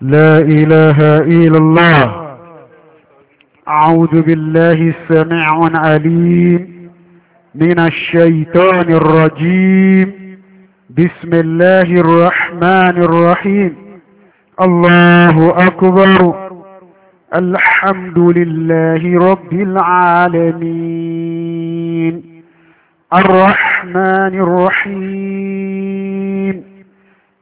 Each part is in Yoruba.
لا إله إلا الله أعوذ بالله السميع العليم من الشيطان الرجيم بسم الله الرحمن الرحيم الله أكبر الحمد لله رب العالمين الرحمن الرحيم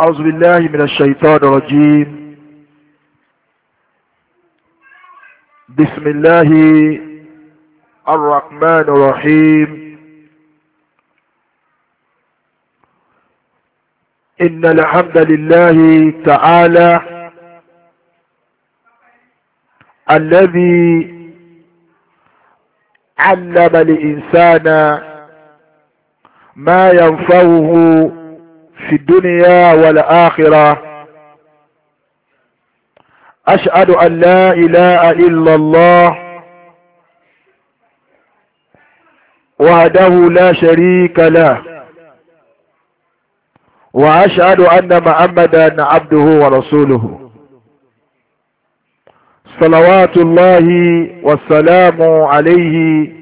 أعوذ بالله من الشيطان الرجيم بسم الله الرحمن الرحيم إن الحمد لله تعالى الذي علم الإنسان ما ينفعه في الدنيا والآخرة أشهد أن لا إله إلا الله وحده لا شريك له وأشهد أن محمدا عبده ورسوله صلوات الله والسلام عليه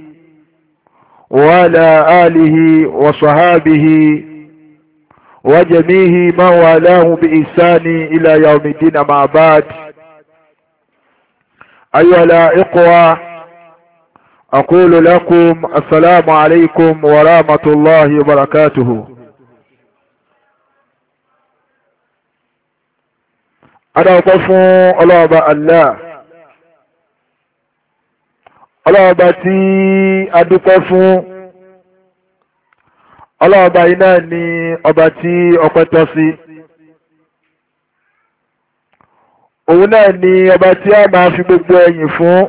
وعلى آله وصحابه وجميه من والاه بإحسان إلى يوم الدين ما بعد أيها الأخوة أقول لكم السلام عليكم ورحمة الله وبركاته أنا أقف الله الله الله أبتي أدقفوا ọlọ́ọ̀bá yìí náà ni ọba tí ọpẹ́ tọ́ sí òun náà ni ọba tí a máa fi gbogbo ẹ̀yìn fún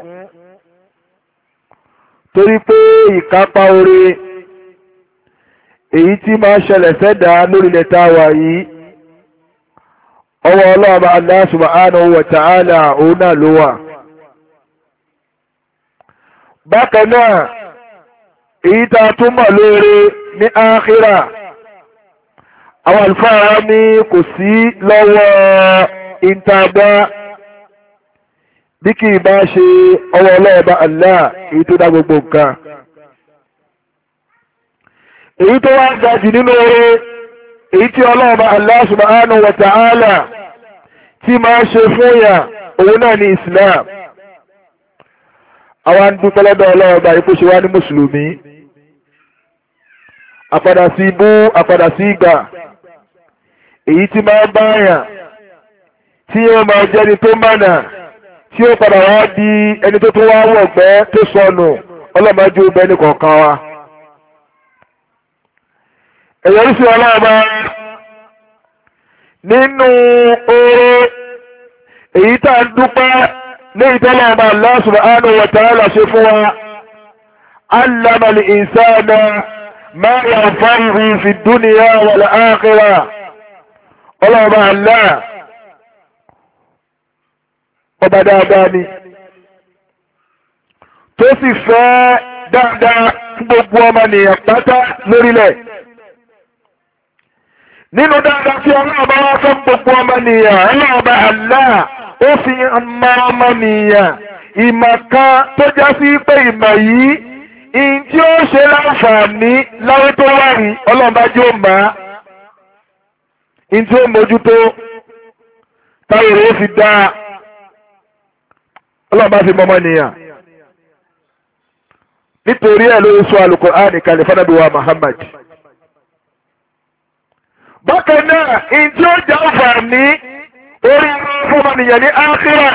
torí pé ìkápá oore èyí tí máa ṣẹlẹ̀ sẹ́dá lórílẹ̀ tá a wà yìí ọwọ́ ọlọ́ọ̀bá Allah subhanahu wa ta'ala òun náà ló wà bákan náà èyí tá a tún mọ̀ lóore. ní áhírà àwọn àlùfáà ní kò sí lọ́wọ́ ìntàgbá bí kì í bá ṣe ọwọ́ ọlọ́ọ̀bá Allah èyí tó dá gbogbo nǹkan èyí tó wá ga jù nínú oore èyí tí ọlọ́ọ̀bá Allah subhanahu wa ta'ala tí máa ṣe fún yà òun náà ní Islam àwọn dúpẹ́ lọ́dọ̀ ọlọ́ọ̀bá ikú ṣe wá ní mùsùlùmí àpadà sí ibú àpadà sí ìgbà èyí tí máa bá yàn tí yóò máa jẹ́ni tó mànà tí yóò padà wá di ẹni tó tún wá wọ̀gbẹ́ tó sọnù ọlọ́mọdé obìnrin kọ̀ọ̀kan wa. ẹ̀yọ́ ń ọlọ́ọ̀bá nínú oore èyí tá a dúpẹ́ ní ìtọ́lọ́ọ̀bá Allah subhanahu wa ta'ala ṣe fún wa. allama al-insana ma yanfarihu fi dunya wal akhirah ọlọ́ọ̀bá aláà ọba dáadáa ni tó sì fẹ́ dáadáa gbogbo ọmọnìyàn pátá lórílẹ̀ nínú dáadáa tí ọlọ́ọ̀bá wá fẹ́ gbogbo ọmọnìyàn ọlọ́ọ̀bá aláà ó fi ọmọ ọmọnìyàn ìmọ̀ kan tó já sí pé ìmọ̀ yìí ìyìn tí ó ṣe láǹfààní láwé tó wà rí ọlọ́ọ̀bá jẹ́ ò má ìyìn tí ó mójútó táwọn èrò fi dá ọlọ́ọ̀bá fi mọ́mọ́ nìyàn nítorí ẹ̀ ló sọ Al-Qur'ani kalẹ̀ fanabi Muhammad bákan náà ìyìn tí ó jẹ́ àǹfààní orí fọmọnìyàn ní ákírà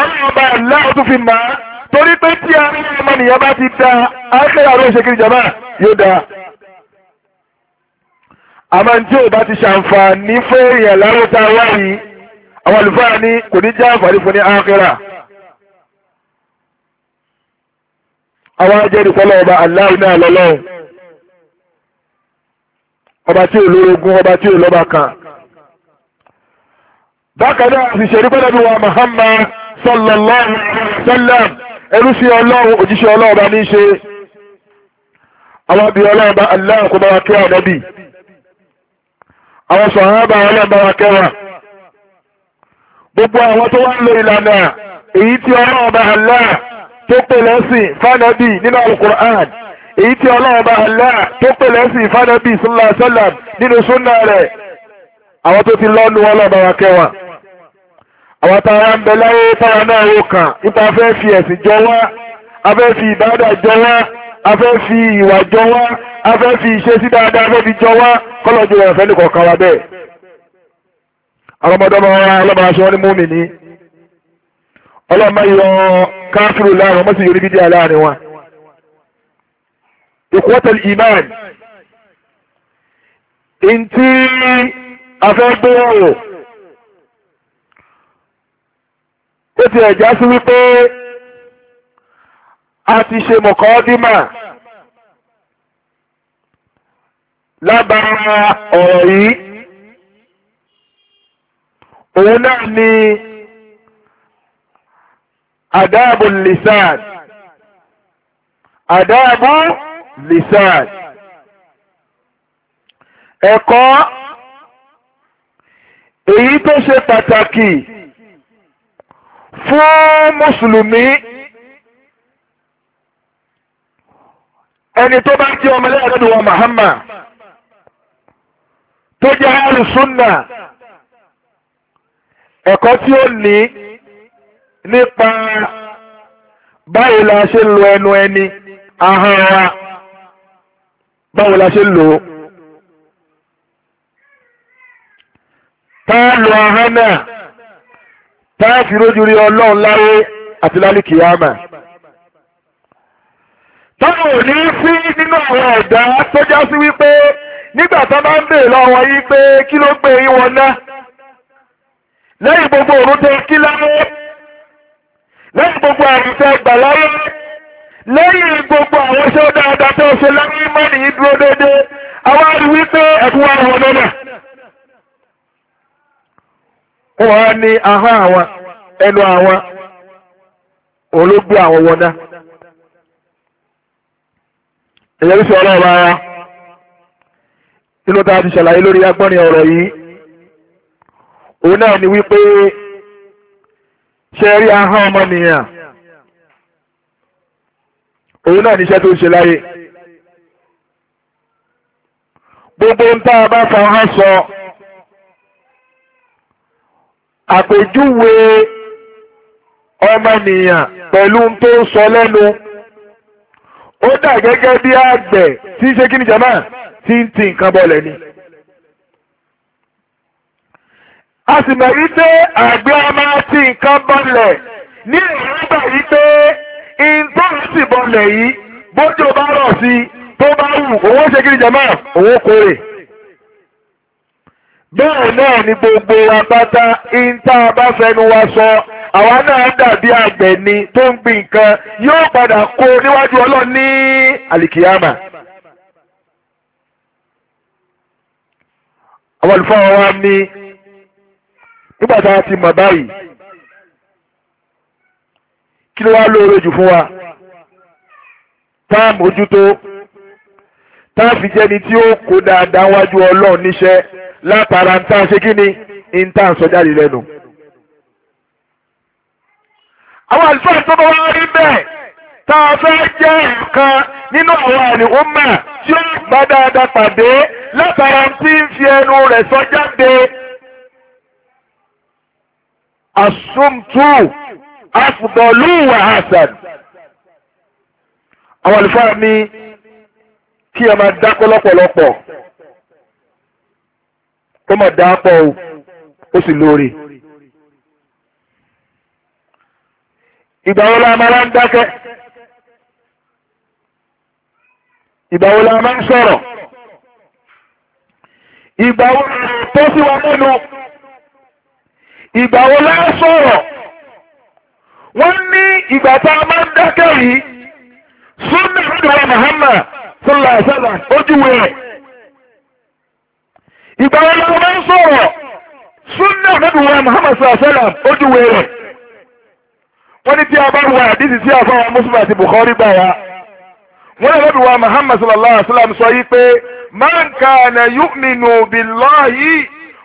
ọlọ́ọ̀bá aláwọ̀ tó fi máa torí pé tí a rí ọmọnìyàn bá ti dáa ákẹ́yà ló ń ṣe kiri jama yóò dáa àmọ́ tí ò bá ti ṣàǹfààní fún èèyàn lárúta wá yìí àwọn àlùfáà ní kò ní jẹ́ àǹfààní fún ní ákẹ́rà àwọn ajẹ́rìí pọ́lọ́ ọba aláwọ̀ náà lọ́lọ́run ọba tí ò lórogún ọba tí ò lọ́ba kan bákan náà sì ṣe rí pẹ́lẹ́ wa Muhammad sallallahu alaihi wa sallam ẹrú sí ọlọ́run òjíṣẹ́ ọlọ́run bá ní í ṣe àwọn àbí ọlọ́run bá aláhùn kó bá wa kẹ́ ànábì àwọn sọ̀rọ̀ bá ọlọ́run bá wa kẹ́ wa gbogbo àwọn tó wá ń lo ìlànà èyí tí ọlọ́run bá aláhùn tó pè lẹ́sìn fánàbì nínú alukur'an èyí tí ọlọ́run bá tó pè lẹ́sìn fánàbì sọlá sọlám nínú súnà rẹ̀ àwọn tó ti lọ́nu ọlọ́run bá àwọn táwa ń bẹ láyé táwa náà wò kàn nípa afẹ́ fi ẹ̀sìn jọ wá afẹ́ fi ìbáradà jọ wá a fẹ́ fi ìwà jọ wá a fẹ́ fi iṣẹ́ sí dáadáa a fẹ́ fi jọ wá kọ́lọ́jù rẹ̀ fẹ́ nìkan kan wa bẹ́ẹ̀. ọlọ́mọdé ọmọ wa ọlọ́mọ aṣọ wọn ni múmi ní ọlọ́mọ yọ káfíìrù láàrin ọmọ sì yọrí bídíà láàrin wa. ìkúwọ́tẹ̀ iman ntí a fẹ́ gbé wọ̀ ó ti ẹ̀já sí wípé a ti ṣe mọ̀kọ́dímà lábára ọ̀rọ̀ yìí òun náà ni àdáàbò lisan àdáàbò lisan ẹ̀kọ́ èyí tó ṣe pàtàkì fún mùsùlùmí. ẹni tó bá jẹ́ ọmọ lẹ́yìn àdúgbò Muhammad tó jẹ́ alùsùnà ẹkọ tí ó ní nípa báwo la ṣe lo ẹnu ẹni ahọ́n wa la ṣe lò tá a lo fi láyé àti táwọn ò ní sí nínú àwọn ọ̀dá tó já sí wípé nígbà tó bá ń bèèrè lọ́wọ́ yí pé kí ló gbé yín wọn lẹ́yìn gbogbo òru tẹ kí láyé lẹ́yìn gbogbo àrùn tẹ gbà láyé gbogbo àwọn iṣẹ́ dáadáa tó ṣe láyé má nìyí dúró déédéé àwọn wípé wa wọn àwọn ẹnu àwọn ẹ̀yẹ́ bí sọ ọlọ́run bá yá nínú tá a ti ṣàlàyé lórí agbọ́nrin ọ̀rọ̀ yìí òun náà ni wípé ṣe rí ahọ́n ọmọnìyàn òun náà níṣẹ́ tó ń ṣe láyé gbogbo ń tá a bá fa ọhán sọ àpèjúwe ọmọnìyàn pẹ̀lú ń tó sọ lẹ́nu. ó dà gẹ́gẹ́ bí àgbẹ̀ tí ń ṣe kí jama tí ń ti nǹkan bọ̀lẹ̀ ni. a sì mọ̀ wípé àgbẹ̀ ọmọ ti nǹkan bọ̀lẹ̀ ní ìrọ̀lẹ́gbà wípé nǹkan sì bọ̀lẹ̀ yìí bójú yi rọ̀ sí tó bá wù owó ṣe kí jama owó kórè. bẹ́ẹ̀ náà ni gbogbo apáta ìta sọ. àwa náà dàbí àgbẹ̀ ni tó ń gbin nǹkan yóò padà kó níwájú ọlọ́run ní àlìkìyàmà. àwọn olùfọwọ́ wa ní nígbà tá a ti mọ̀ báyìí kí ló wá lóore jù fún wa tá a mójútó tá a fi jẹ́ni tí ó kó dáadáa wájú ọlọ́run níṣẹ́ látara ń tá a ṣe kí ni ń tá a sọ jáde lẹ́nu àwọn àlùfáà tó bá wá rí bẹ́ẹ̀ tá a fẹ́ jẹ́ nǹkan nínú àwọn àlùkùnmà tí ó gbá dáadáa pàdé látara tí ń fi ẹnu rẹ̀ sọ jáde. àsùntù àfùdọ̀lù wà hasan. àwọn àlùfáà ní kí ẹ máa dákọ́ lọ́pọ̀lọpọ̀ ó máa dáa pọ̀ o ó sì lóore. ìgbà wo la máa ń dákẹ́ ìgbà wo la máa ń sọ̀rọ̀ ìgbà wo tó sí wa mẹ́nu ìgbà la sọ̀rọ̀ wọ́n ní ìgbà tá a máa ń dákẹ́ yìí sunna àdúrà Muhammad sallallahu alaihi wasallam ojúwe rẹ̀ ìgbà la máa ń sọ̀rọ̀ sunna àdúrà Muhammad sallallahu alaihi wasallam ojúwe rẹ̀ wọ́n ní tí a bá wà àdìsí sí àfọwọ́ Muslim àti Bukhari gbà wá wọ́n lè lọ́dún wa Muhammad sallallahu alayhi wa sallam sọ yìí pé man kana yu'minu billahi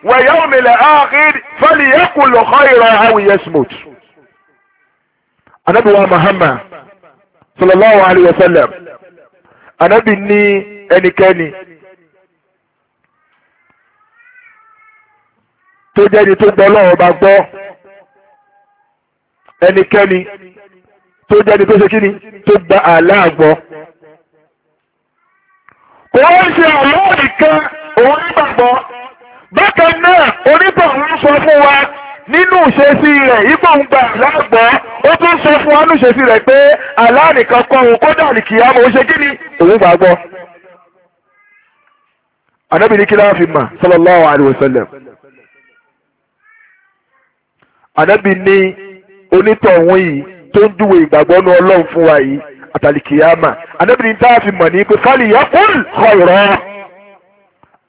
wa yawmil akhir falyaqul khayran aw yasmut. anabi wa Muhammad sallallahu alayhi wa sallam anabi ní ẹnikẹ́ni tó jẹ́ ni tó gbọ́ lọ́wọ́ bá gbọ́ ẹnikẹ́ni tó jẹ́ni tó ṣe kíni tó gba àláàgbọ́. kò wọ́n ṣe àlọ́ nìkan òun bákan náà onítọ̀hún sọ fún wa nínú ìṣesí rẹ̀ ipò ń gba àláàgbọ́ ó tún sọ fún wa nínú ìṣesí rẹ̀ pé aláàníkan kọ́ òun kódà ní kìí àmọ́ ó ṣe kíni òun gbàgbọ́. Ànábì ní kí la fi mà sallallahu alaihi wasallam. Ànábì ní onítọ̀hún yìí tó ń júwe ìgbàgbọ́ nu ọlọ́run fún wa yìí àtàlìkìyàmà anábìrì tá a fi mọ̀ ní pé fálì yá kúl khayra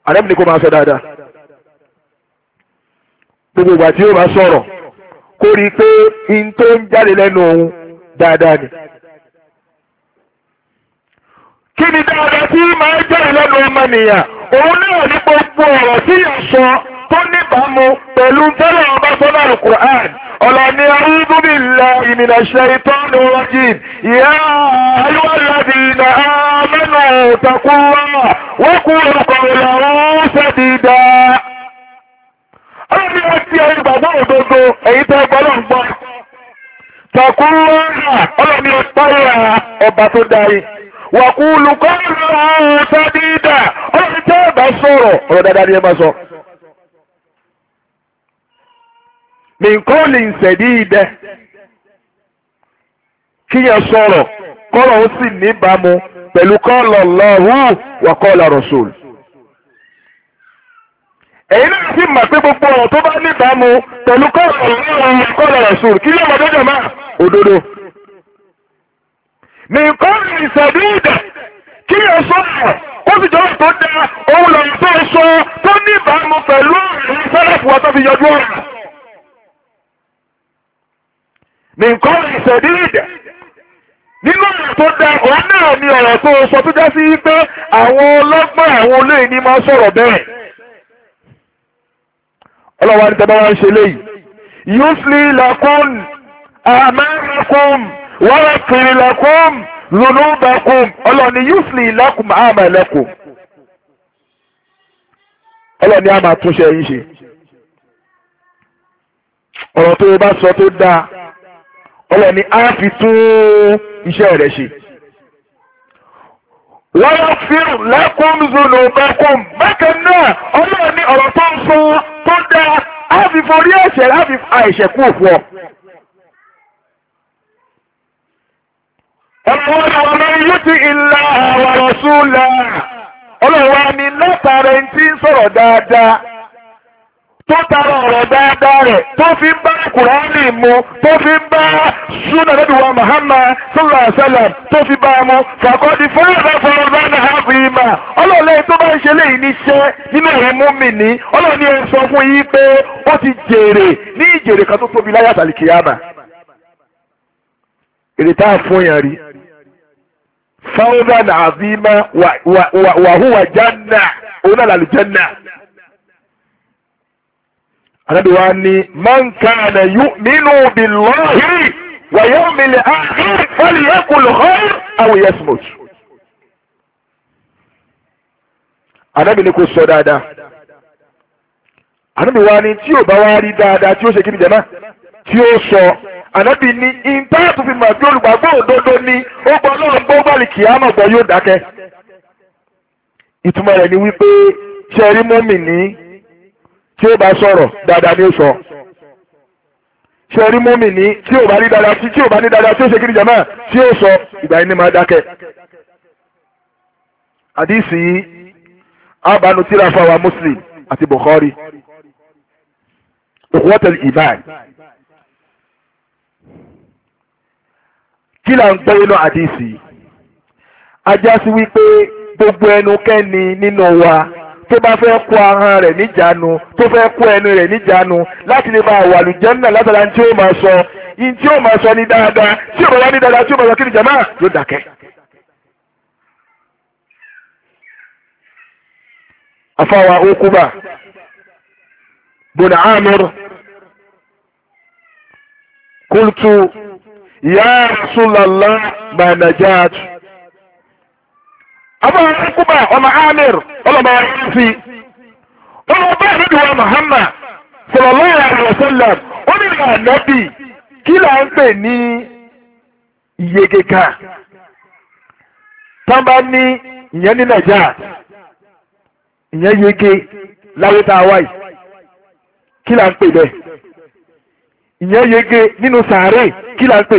anábìrì kò máa sọ dáadáa gbogbo ìgbà tí yóò máa sọ̀rọ̀ kó rí i pé in tó ń jáde lẹ́nu òun dáadáa ni. kí ni dáadáa tí máa ń jáde lẹ́nu ọmọnìyàn òun náà ní gbogbo ọ̀rọ̀ tí yóò sọ tó níbàámu pẹ̀lú tẹ́lẹ̀ ọba sọ́nà alukur'an ọ̀làní arúgbìnlá ìmìnà ṣẹ́yìntàn ní wọ́n jì ìyá ayélujáde ìnà amẹ́nu òtàkùnwá wọ́n kú orúkọ ìlàwọ́ sẹ́dídà. ọlọ́ni wọn ti ẹni gbàgbọ́ òdodo èyí tẹ́ gbọ́dọ̀ ń gbọ́. tàkùnwá ọlọ́ni ọ̀páyà ọba tó darí wàkúlù kọ́ ìlàwọ́ sẹ́dídà ọlọ́ni tẹ́ ẹ̀ bá sọ̀rọ̀ ọ̀rọ̀ dáadáa ni ẹ min qawlin sadida kíyàn sọ̀rọ̀ kọ́rọ̀ ó sì níbàámu pẹ̀lú qala Allahu wa qala Rasul. èyí náà sì mà pé gbogbo ọ̀rọ̀ tó bá níbàámu pẹ̀lú qala Allahu wa qala Rasul kí ló mọ̀ dọ́jọ́ máa òdodo. min qawlin sadida kíyàn sọ̀rọ̀ ó sì jọ́rọ̀ tó dáa òun lọ́rọ̀ tó sọ tó níbàámu pẹ̀lú ìfẹ́lẹ́fù wa tó fi yọjú ọ̀rọ̀ nìkan ìṣẹ̀dí ìdẹ̀ nínú ọ̀rọ̀ tó da ọ̀rọ̀ náà ni ọ̀rọ̀ tó sọ tó já sí pé àwọn ọlọ́gbọ́n àwọn olóyè ni máa sọ̀rọ̀ bẹ́ẹ̀ ọlọ́wà ní tẹ́lẹ̀ wọ́n ń ṣe léyìí yusli lakum amalakum wayakfir lakum zunubakum ọlọ́ni yusli lakum amalakum ọlọ́ni a máa túnṣe yìí ṣe ọ̀rọ̀ tó bá sọ tó dáa ọlọ́ni á fi tún iṣẹ́ rẹ̀ ṣe. wọ́n yóò fi lẹ́kùn zolo bẹ́kùn bákan náà ọlọ́ni ọ̀rọ̀ tó ń sọ tó dáa á fi forí ẹ̀ṣẹ̀ á fi àìṣẹ̀ kú òfò. ọlọ́run àwọn wa ni látara ẹni tí ń sọ̀rọ̀ dáadáa tó tara ọ̀rọ̀ dáadáa rẹ̀ tó fi ń bá kùránì mu tó fi ń bá súnà lẹ́bi wa Muhammad sallallahu alaihi wasallam tó fi bá a mu fàkọ́dí fúlẹ́fẹ́ fọlọ́dá ní ààbò ìmà ọlọ́ọ̀lẹ́ tó bá ń ṣe léyìí níṣẹ́ nínú ẹ̀rọ mùmínì ọlọ́ọ̀ni ẹ sọ fún yín pé ó ti jèrè ní ìjèrè kan tó tóbi láyà tàlìkìyàmà èrè tá a fún yàn rí fáwọn náà àbí má wàhùwà jánà òun náà làlùjánà. Ànábì wa ni man kana yu'minu billahi wa yawmil akhir falyakul khayr aw yasmut. Ànábì ni kò sọ dáadáa. Ànábì wa ni tí ò bá wá rí dáadáa tí ó ṣe kíni jẹ́mọ́ tí ó sọ. Ànábì ni intanet fi màá bí olùgbàgbọ́ òdodo ni ó gbọ́ lọ́rùn gbọ́ bá lè kíámọ̀ gbọ́ yóò dákẹ́. Ìtumọ̀ rẹ̀ ni wípé ṣe rí mọ́mì ní tí ó bá sọ̀rọ̀ dáadáa ni ó sọ ṣe rí mọ́mì ní tí ò bá ní dáadáa tí tí ò bá ní dáadáa tí ó ṣe kiri jama tí ó sọ ìgbà yẹn ni máa dákẹ́. àdìsí yìí abanu tíra fáwa Muslim àti Bukhari òkúwọ́tẹ̀lì ìbáyìí. kí là ń gbọ́ inú àdìsí ajá sí wípé gbogbo ẹnu kẹ́ni nínú wa tó bá fẹ́ kó ahọ́n rẹ̀ níjàánu tó fẹ́ kó ẹnu rẹ̀ níjàánu láti lè máa wà lùjẹ́nà látara tí ó máa sọ yín tí ó máa sọ ní dáadáa tí ó máa wá ní dáadáa tí ó máa sọ kí ni jàmáà yóò dákẹ́. afawa okuba bùnà amur kultu ya rasulallah ma najatu abu kuba ọmọ amir ọlọmọ ẹnsi ọmọ bẹ́ẹ̀ níbi wa muhammad sallallahu alaihi wasallam ó ní ìlànà nọbì kí là ń pè ní iyege ká tán bá ní yege láyé tá a wáyé kí là ń pè bẹ́ẹ̀ yege nínú sàárè kí là ń pè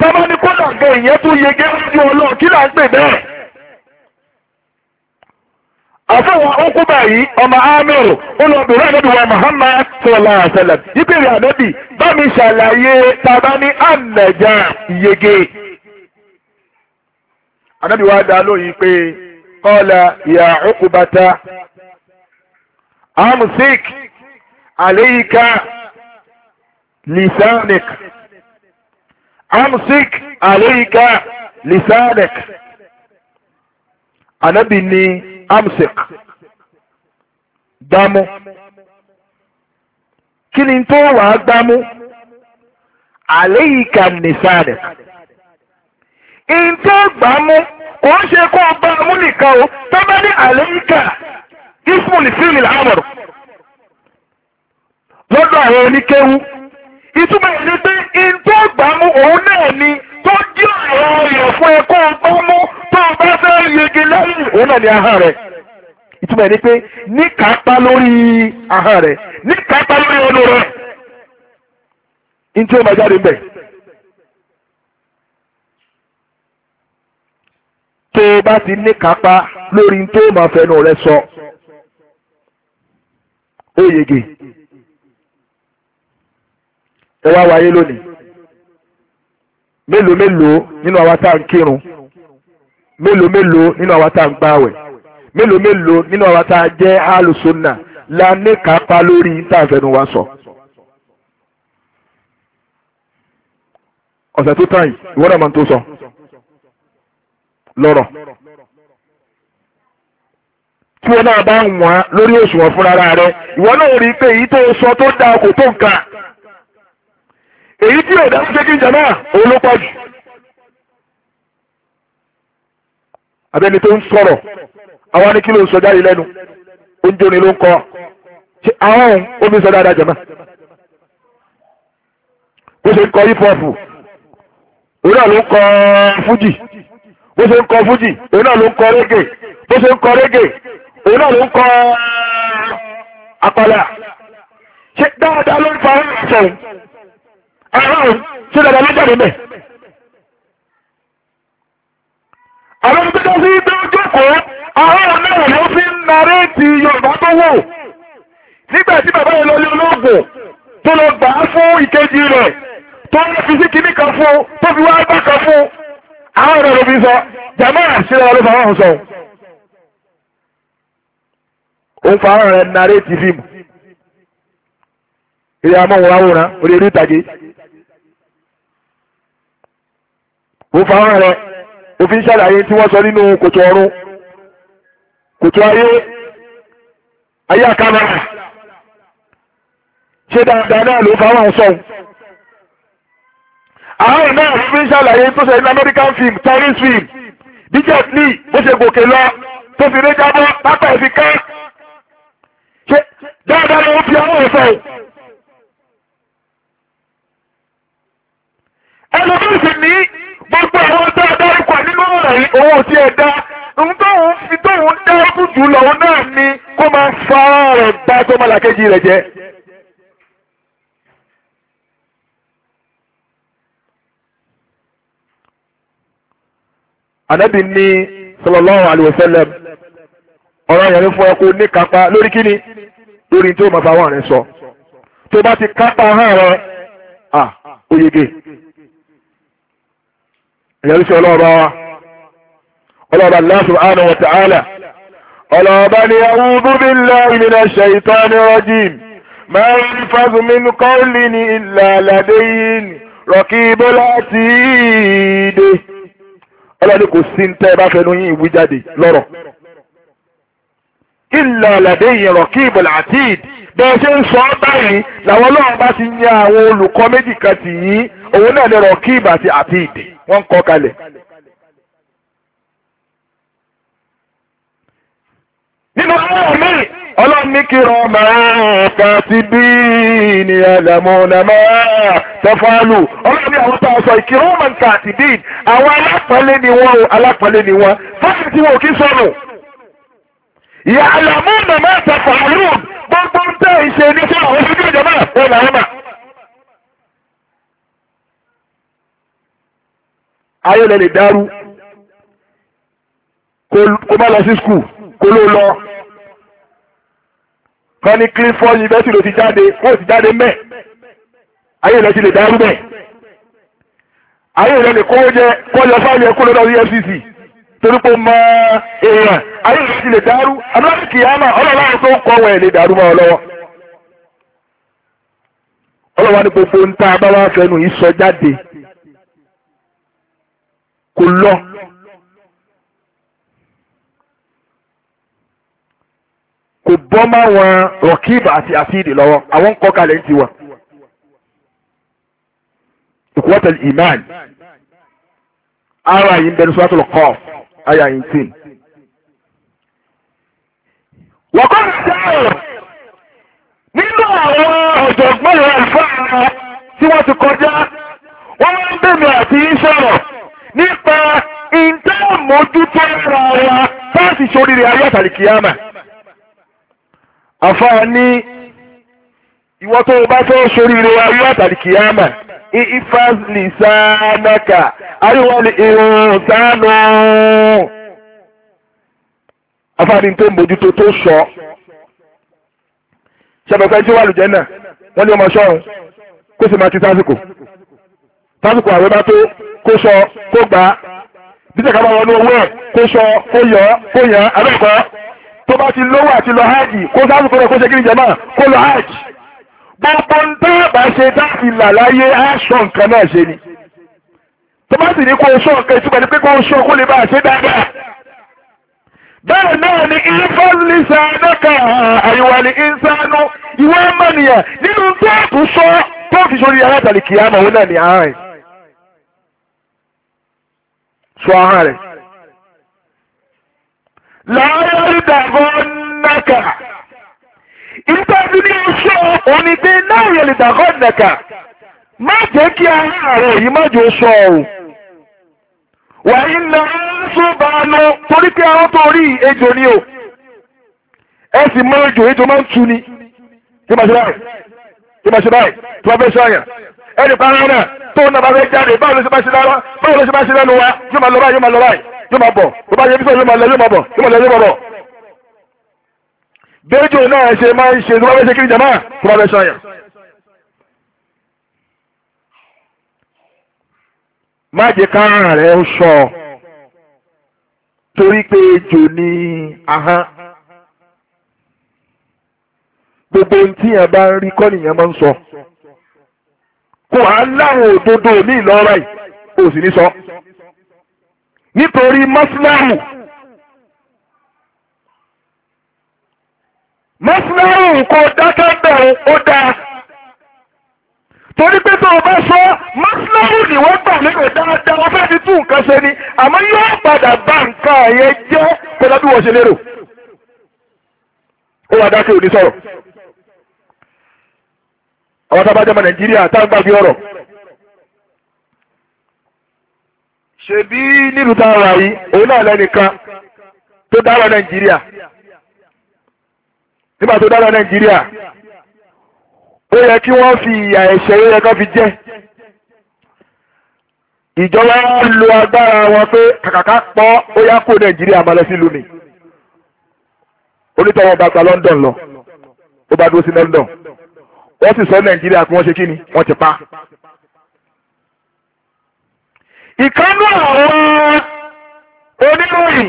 tọ́ba ní kódà gan yege ojú ụlọ kí là ń pè bẹ́ẹ̀. àfọwọ́n okú báyìí ọmọ ụlọ olùbẹ̀rẹ̀ àdébí Muhammad sọlá àṣẹlẹ̀ ìpèrè àdébí bá mi ṣàlàyé tàbá ní yege. àdébí wa dá lóyìn pé kọ́lá ìyá bàtà amsik lisanik. amsik aleika lisanek anabi ni amsik gbámú kí ni tó wà á gbámú aleika lisanek ìntó mu kò ń ṣe kó mu nìkan o tó bá ní aleika ismu ní fíìmù làwọn lọ́dọ̀ àwọn ìtumọ̀ ẹ̀ pé ìjọ gbàmú òun náà ni tó jẹ́ ọ̀rọ̀ ọ̀yọ̀ fún ẹ kó mú tó bá fẹ́ yege lẹ́yìn òun náà ni ahọ́n rẹ̀ ìtumọ̀ ẹ̀ ni pé níkàápá lórí ahọ́n rẹ̀ níkàápá lórí ọ̀nà rẹ̀ ìjọ máa jáde bẹ̀. tó o bá ti lórí tó o máa fẹnu sọ ó yege. ẹ wá wáyé lónìí mélòó mélòó nínú àwa tá à ń kírun mélòó mélòó nínú àwa tá à ń gbààwẹ̀ mélòó mélòó nínú àwa tá a jẹ́ alùsùnà la ní kápá lórí tá a fẹnu wa sọ. ọ̀sẹ̀ tó tán yìí ìwọ́n náà máa ń tó sọ lọ́rọ̀ tí wọ́n náà bá ń wọ́n lórí òṣùwọ̀n fúnra rẹ̀ ìwọ́n náà rí i pé èyí tó sọ tó dáa kò tó nǹkan. èyí tí òdà ń ṣe jama ló abẹ́ni tó ń sọ̀rọ̀ àwa ni kí ló ń sọ jáde lẹ́nu oúnjẹ òní ló ń kọ́ ṣe àwọn òun sọ dáadáa jama. bó ṣe ń kọ hip hop òun náà ló ń kọ fújì bó ṣe ń kọ fújì òun náà ló kọ bó ṣe ń kọ òun náà ló kọ apala ọlọ́run tí dàda ló jáde bẹ̀. àwọn ibi tó fi bí ó jókòó ọlọ́run náà ló fi ń naréètì yorùbá tó wò nígbà tí bàbá yẹn lọ lé olóògùn tó lọ gbà á fún ìkejì rẹ̀ tó ń fi sí kinní kan fún tó fi wá gbà kan fún àwọn ọ̀rọ̀ ló fi sọ jàmọ́ àṣírí ọ̀rọ̀ ló fà wọ́n sọ ó ń fa ọ̀rọ̀ rẹ̀ naréètì fíìmù ìyá ọmọ wòrán wòrán orí eré ìtàgé ó fa hàn rẹ ó fi ń ṣàlàyé tí wọ́n sọ nínú kòtò ọ̀run kòtò ayé ayé àkàmàrà ṣé dáadáa náà ló fa hàn sọ àwọn náà ló ṣàlàyé tó ṣe ní American film Chinese film bíjẹ́ ní bó ṣe gòkè lọ tó fi ré jábọ́ pápá ẹ̀ fi ká ṣe dáadáa ló fi àwọn ọ̀sẹ̀. ẹlòmíràn sì ní gbogbo àwọn tó dárúkọ nínú ọ̀rọ̀ yìí owó tí ẹ dá ohun fi tóun dárúkú jù náà ni kó máa fa ọ̀rọ̀ bá tó máa làkejì rẹ̀ jẹ́. ànábì ní sallallahu alaihi wasallam ọ̀rọ̀ yẹn fún ẹ kó ní kápá lórí kíni lórí tí ó máa fa àwọn àrẹ sọ tó bá ti kápá hàn rẹ à ó ìyẹn ṣe ọlọ́ọ̀bá wa ọlọ́ọ̀bá Allah subhanahu wa ta'ala ọlọ́ọ̀bá ni a'udhu billahi minash shaitani rajim ma yanfadhu min qawlin illa ladayhi raqibun atid ọlọ́ọ̀ni kò sí ń tẹ́ ẹ bá fẹnu yín ìwí jáde lọ́rọ̀ illa ladayhi raqibun atid bẹ́ẹ̀ ṣe ń sọ ọ́ báyìí làwọn ọlọ́run bá ti yan àwọn olùkọ́ méjì kan tì yín òun náà lè kí ìbà àti ìdè wọ́n ń kọ́ kalẹ̀. nínú àwọn mi ọlọ́run ní kí ràn máa kà sí bí ní àlàmúnà máa tọ́fàlù ọlọ́run ní àwọn tó sọ ìkírun máa kà sí bí àwọn alápọ̀lé ni wọ́n alápọ̀lé ni wọ́n fáwọn tí kí sọnù ìyá àlàmúnà máa ń ṣe ní sílẹ̀ àwọn ojú ìjọba ẹ̀ làwọn mà. ayé lè lè dàrú kó má lọ sí skul kó ló lọ kọ́ ní Clifford University ló ti jáde kó ti jáde mẹ́ ayé lè ti lè dàrú mẹ́ ayé lè lè kówó jẹ kó lọ sáyẹ kó lọ lọ EFCC torí pé mọ èèyàn ayé lè ti lè dàrú abúlé kìí àmà ọlọ́lá tó kọ́ wẹ̀ lè dàrú mọ́ ọ lọ́wọ́ ọlọ́wà ní gbogbo ń tá a bá wá fẹnu yìí sọ jáde kò lọ. kò bọ́ máa wọn rọ̀kìbà àti àfíìdì lọ́wọ́ àwọn ń kọ́ kalẹ̀ ń tiwọn. ìkúwọ́tẹ̀lì ìmáàlì ara yìí ń bẹnu sọ́tò lọ́kọ́ ayà yìí tì. wọ́n kọ́ mi sẹ́yìn nínú àwọn àwọn àlùfáà ara tí wọ́n ti kọjá wọ́n máa ń bèmí àti sọ̀rọ̀ nípa ìjẹ́ àmójútó ara wa fáàsì sóríire ayé àtàlìkìyàmà àfáà ní ìwọ tó o bá fẹ́ sóríire ayé àtàlìkìyàmà ifas lisanaka ariwali irunsaanu àfáà ní tó mójútó tó sọ ṣàbẹ̀fẹ́ tí wàá lùjẹ́ náà wọ́n ní ọmọ ṣọ́run kó sì máa ti tásìkò tásìkò àwẹ̀ bá tó kó sọ kó gbà á bíjẹ̀ ká bá wọnú owó ẹ̀ kó sọ kó yọ kó yàn abẹ́ẹ̀kọ́ tó bá ti lówó àti lọ hajj kó sásìkò rẹ̀ kó ṣe kiri jẹ̀mọ́ kó lọ hajj gbogbo ń tá àbá ṣe dá ìlà láyé aṣọ nǹkan náà ṣe ni tó bá sì ní kó sọ nǹkan ìtumọ̀ ní pé kó sọ kó lè bá ṣe dáadáa bẹ́ẹ̀ náà ni ìfọ́nlísà dọ́kà àyíwá ni ìsánú ìwé mọ́nìyàn nínú tóòkù sọ tóòkù sórí alátàlì kìá mọ̀ wọn náà ní àárín sọ ahọ́n rẹ̀. láàárín dàbọ̀ nàkà ìtọ́jú ní iṣẹ́ òní pé láàárín dàbọ̀ nàkà má jẹ́ kí ahọ́n rẹ̀ yìí má jẹ́ sọ ọ́ wàá ń lọ sún bá a lọ torí pé àwọn tó rí ejò ni o ẹ sì mọ ejò ejò máa ń tu ni tí ma ṣe báyìí tí ma ṣe báyìí tí wọ́n fẹ́ ṣọ́yàn ẹni pa ara náà tó ń nàbàfẹ́ jáde báwo ló ṣe bá ṣe lára báwo ló ṣe bá ṣe lẹ́nu wa yóò máa lọ báyìí yóò máa lọ báyìí yóò máa bọ̀ tó bá yẹ bí sọ yóò máa lọ yóò máa bọ̀ yóò máa lọ yóò máa bọ̀ béjò náà ṣe máa ń ṣe tó bá fẹ́ ṣe kiri má jẹ́ ká rẹ̀ ń sọ torí pé ejò ní ahán gbogbo ohun tí yẹn bá ń rí kọ́ nìyẹn máa ń sọ kò á láwọn òdodo ní ìlọ́ra yìí kò sì ní sọ nítorí mọ́síláàmù mọ́síláàmù kò dákẹ́ bẹ̀rù ó dáa torí pé tó o bá sọ mọ́síláwù ni wọ́n gbà lérò dáadáa wọ́n fẹ́ẹ́ fi tún nǹkan ṣe ni àmọ́ yóò padà bá nǹkan yẹn jẹ́ pẹ̀lú bí wọ́n ṣe lérò. ó wà dákẹ́ òní sọ̀rọ̀ àwọn tá a bá jẹ́ ọmọ nàìjíríà tá a gbà fi ọ̀rọ̀. ṣèbí nílùú tá a wà yìí òun náà lẹ́nìkan tó dára nàìjíríà nígbà tó dára nàìjíríà ó yẹ kí wọ́n fi ìyà ẹ̀ṣẹ̀ ó yẹ kán fi jẹ́ ìjọba lo agbára wọn pé kàkàká pọ́ ó yá kó nàìjíríà máa lọ sí lónìí onítọ̀wọ́n bá gba London lọ ó bá dúró sí London wọ́n sì sọ nàìjíríà pé wọ́n ṣe kí ni wọ́n ti pa. ìkánú àwọn oníròyìn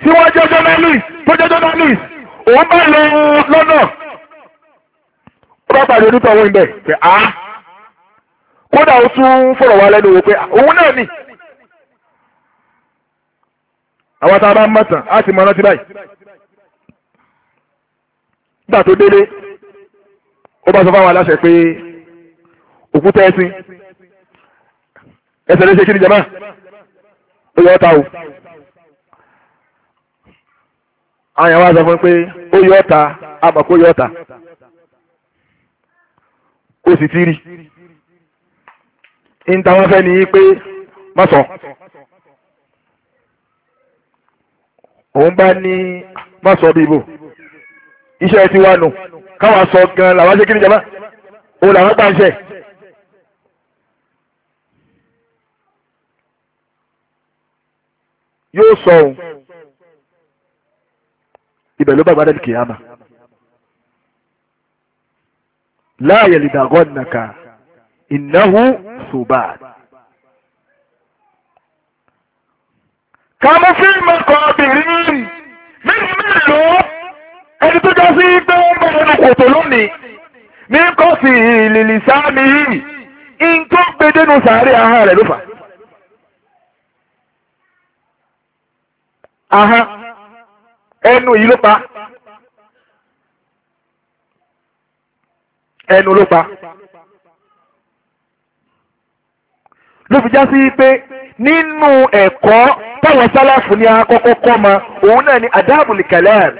tí wọ́n jẹ́ journalist tó jẹ́ journalist òun bá lọ lọ́nà. ọ bá pàdé onítọ̀ òun bẹ̀ pé á ah. kódà ó tún fọ̀rọ̀ wá lẹ́nu wò pé òun náà nì àwọn tá a bá ń mọ̀tàn á sì mọ rántí báyìí nígbà tó délé ó bá sọ fáwọn aláṣẹ pé òkúta ẹsìn ẹsẹ̀ lè ṣe jama ó yọ ọ́ ta o àwọn pé ó yọ ọ́ ta kó yọ ọ́ ta. ó sì ti rí ń táwọn fẹ́ ni pé má sọ òun bá ní má sọ bíbò iṣẹ́ ti wá nù káwọn sọ gan làwọn ṣe kí ni jama òun làwọn gbà ń ṣe. yóò sọ òun ibẹ̀ ló bá gbádẹ́ kìí àmà. láàyè lìdàgọ́ nàkà ìnáwó ṣùgbà. kàmú fíìmù kọ́ bìrì mẹ́rin mélòó ẹni tó já sí pé wọ́n bá wọn kòtò lónìí ní kò sí ìlìlì sáàmì yìí nǹkan gbẹdẹ́nu sàárẹ̀ ahọ́n rẹ̀ ló fà. ahọ́n ẹnu yìí ló pa. ẹnu ló pa. ló fi já sí pé nínú ẹ̀kọ́ táwọn sálàfù ní akọ́kọ́ kọ́ ma òun náà ni adáàbòlì kalam.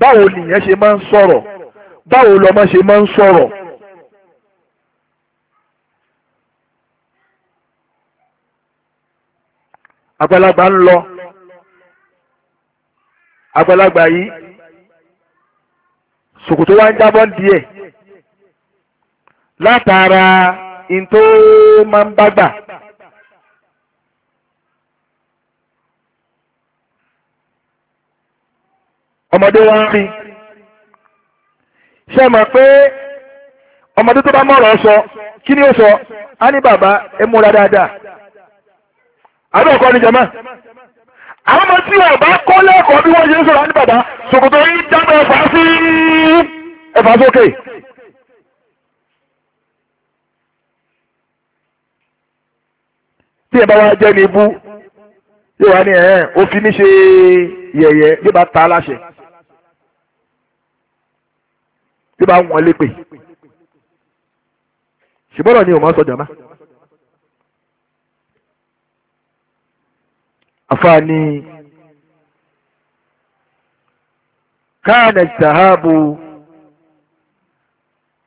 báwo nìyẹn ṣe máa ń sọ̀rọ̀ báwo lọ́mọ ṣe máa ń sọ̀rọ̀. àgbàlagbà ń lọ àgbàlagbà yìí ṣòkòtò wá ń jábọ́ díẹ̀ látara in tó máa ń bágbà ọmọdé wá ń rí ṣe mọ̀ pé ọmọdé tó bá mọ̀rọ̀ sọ kí ni ó sọ á ní bàbá ẹ múra dáadáa àbẹ́ ọ̀kọ́ ni jama àwọn ọmọ tí ọba kọ́ lẹ́kọ̀ọ́ bí wọ́n ṣe ń sọ̀rọ̀ ní bàbá ṣòkòtò yìí dábọ̀ ẹ̀fà sí ẹ̀fà sókè. tí ẹ jẹ́ ní ibú yóò wá ní ẹ̀hẹ́n ó fi ṣe yẹ̀yẹ́ yóò bá ta aláṣẹ yóò bá wọn lépè ṣùgbọ́n ní òun máa sọ jàmá. àfààní káàdà ìsàhábù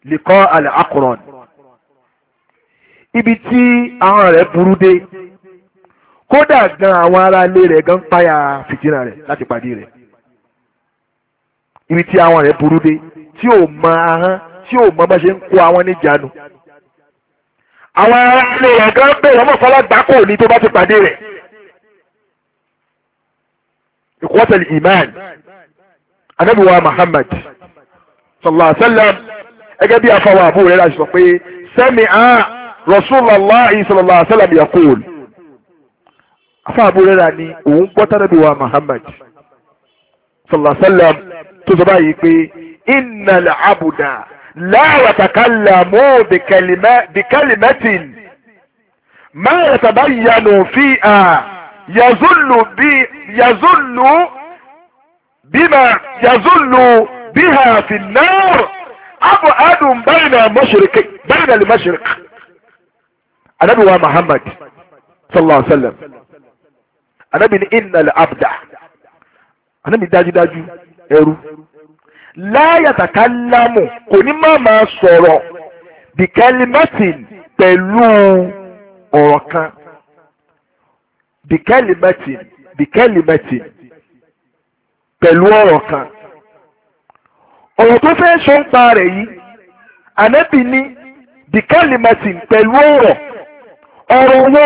lìkọ́ àlàkùrọ̀n ibi tí àwọn rẹ̀ burú dé kódà gan àwọn ará ilé rẹ̀ gan páyà fìtínà rẹ̀ láti pàdé rẹ̀ ibi tí àwọn rẹ̀ burú dé tí ò mọ ahán tí ò mọ bá ṣe ń kó àwọn níjànú àwọn ará ilé rẹ̀ gan bẹ̀rẹ̀ ọmọ fọlá gbáko ní tó bá ti pàdé rẹ̀. إخوة الإيمان النبي محمد صلى الله عليه وسلم أجا بي أفوى أبو هريرة سمع رسول الله صلى الله عليه وسلم يقول أفوى أبو هريرة ني وقوة النبي محمد صلى الله عليه وسلم تزبايك إن العبد لا يتكلم بكلمة بكلمة ما يتبين فيها yazulu bi yazulu bima yazulu biha fi nar abu adun bayna mashiriki bayna li mashirik anabi wa muhammad sallallahu alaihi wasallam anabi ni inna li abda anabi dájúdájú ẹrú láyàtàkálámù kò ní má máa sọ̀rọ̀ bìkẹ́límẹ́tì pẹ̀lú ọ̀rọ̀ kan bìkẹ́lì mẹ́tìn bìkẹ́lì mẹ́tìn pẹ̀lú ọ̀rọ̀ kan ọ̀rọ̀ tó fẹ́ sọ ń pa rẹ̀ yìí ànábì ní bìkẹ́lì mẹ́tìn pẹ̀lú ọ̀rọ̀ ọ̀rọ̀ wo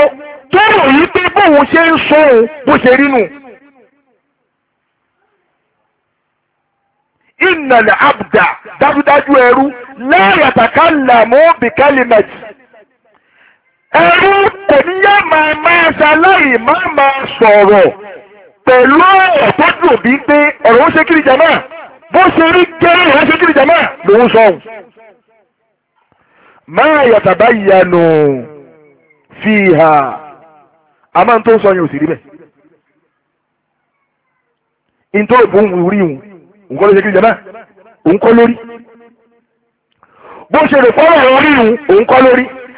tó rò yí pé bóun ṣe ń sọ òun bó ṣe rí nù. ìnàlẹ̀ abdà dájúdájú ẹrú lẹ́yìn làmú bìkẹ́lì mẹ́tìn ẹrú kò ní yá máa máa ṣaláì má máa sọ̀rọ̀ pẹ̀lú ọ̀rọ̀ tó dùn bí pé ọ̀rọ̀ ó ṣe kiri jama, bó ṣe rí kéré ó ṣe kiri jama, lòun sọ̀hún. máa yàtà báyìí yanu fi hà a máa ń tó sọ yẹn ò sì rí bẹ́ẹ̀. ìtọ́ ìbòhùn rí ìhùn nǹkan ló ṣe kiri jama, òun kọ́ lórí bó ṣe rè fọ́nrán orí ìhùn òun kọ́ lórí.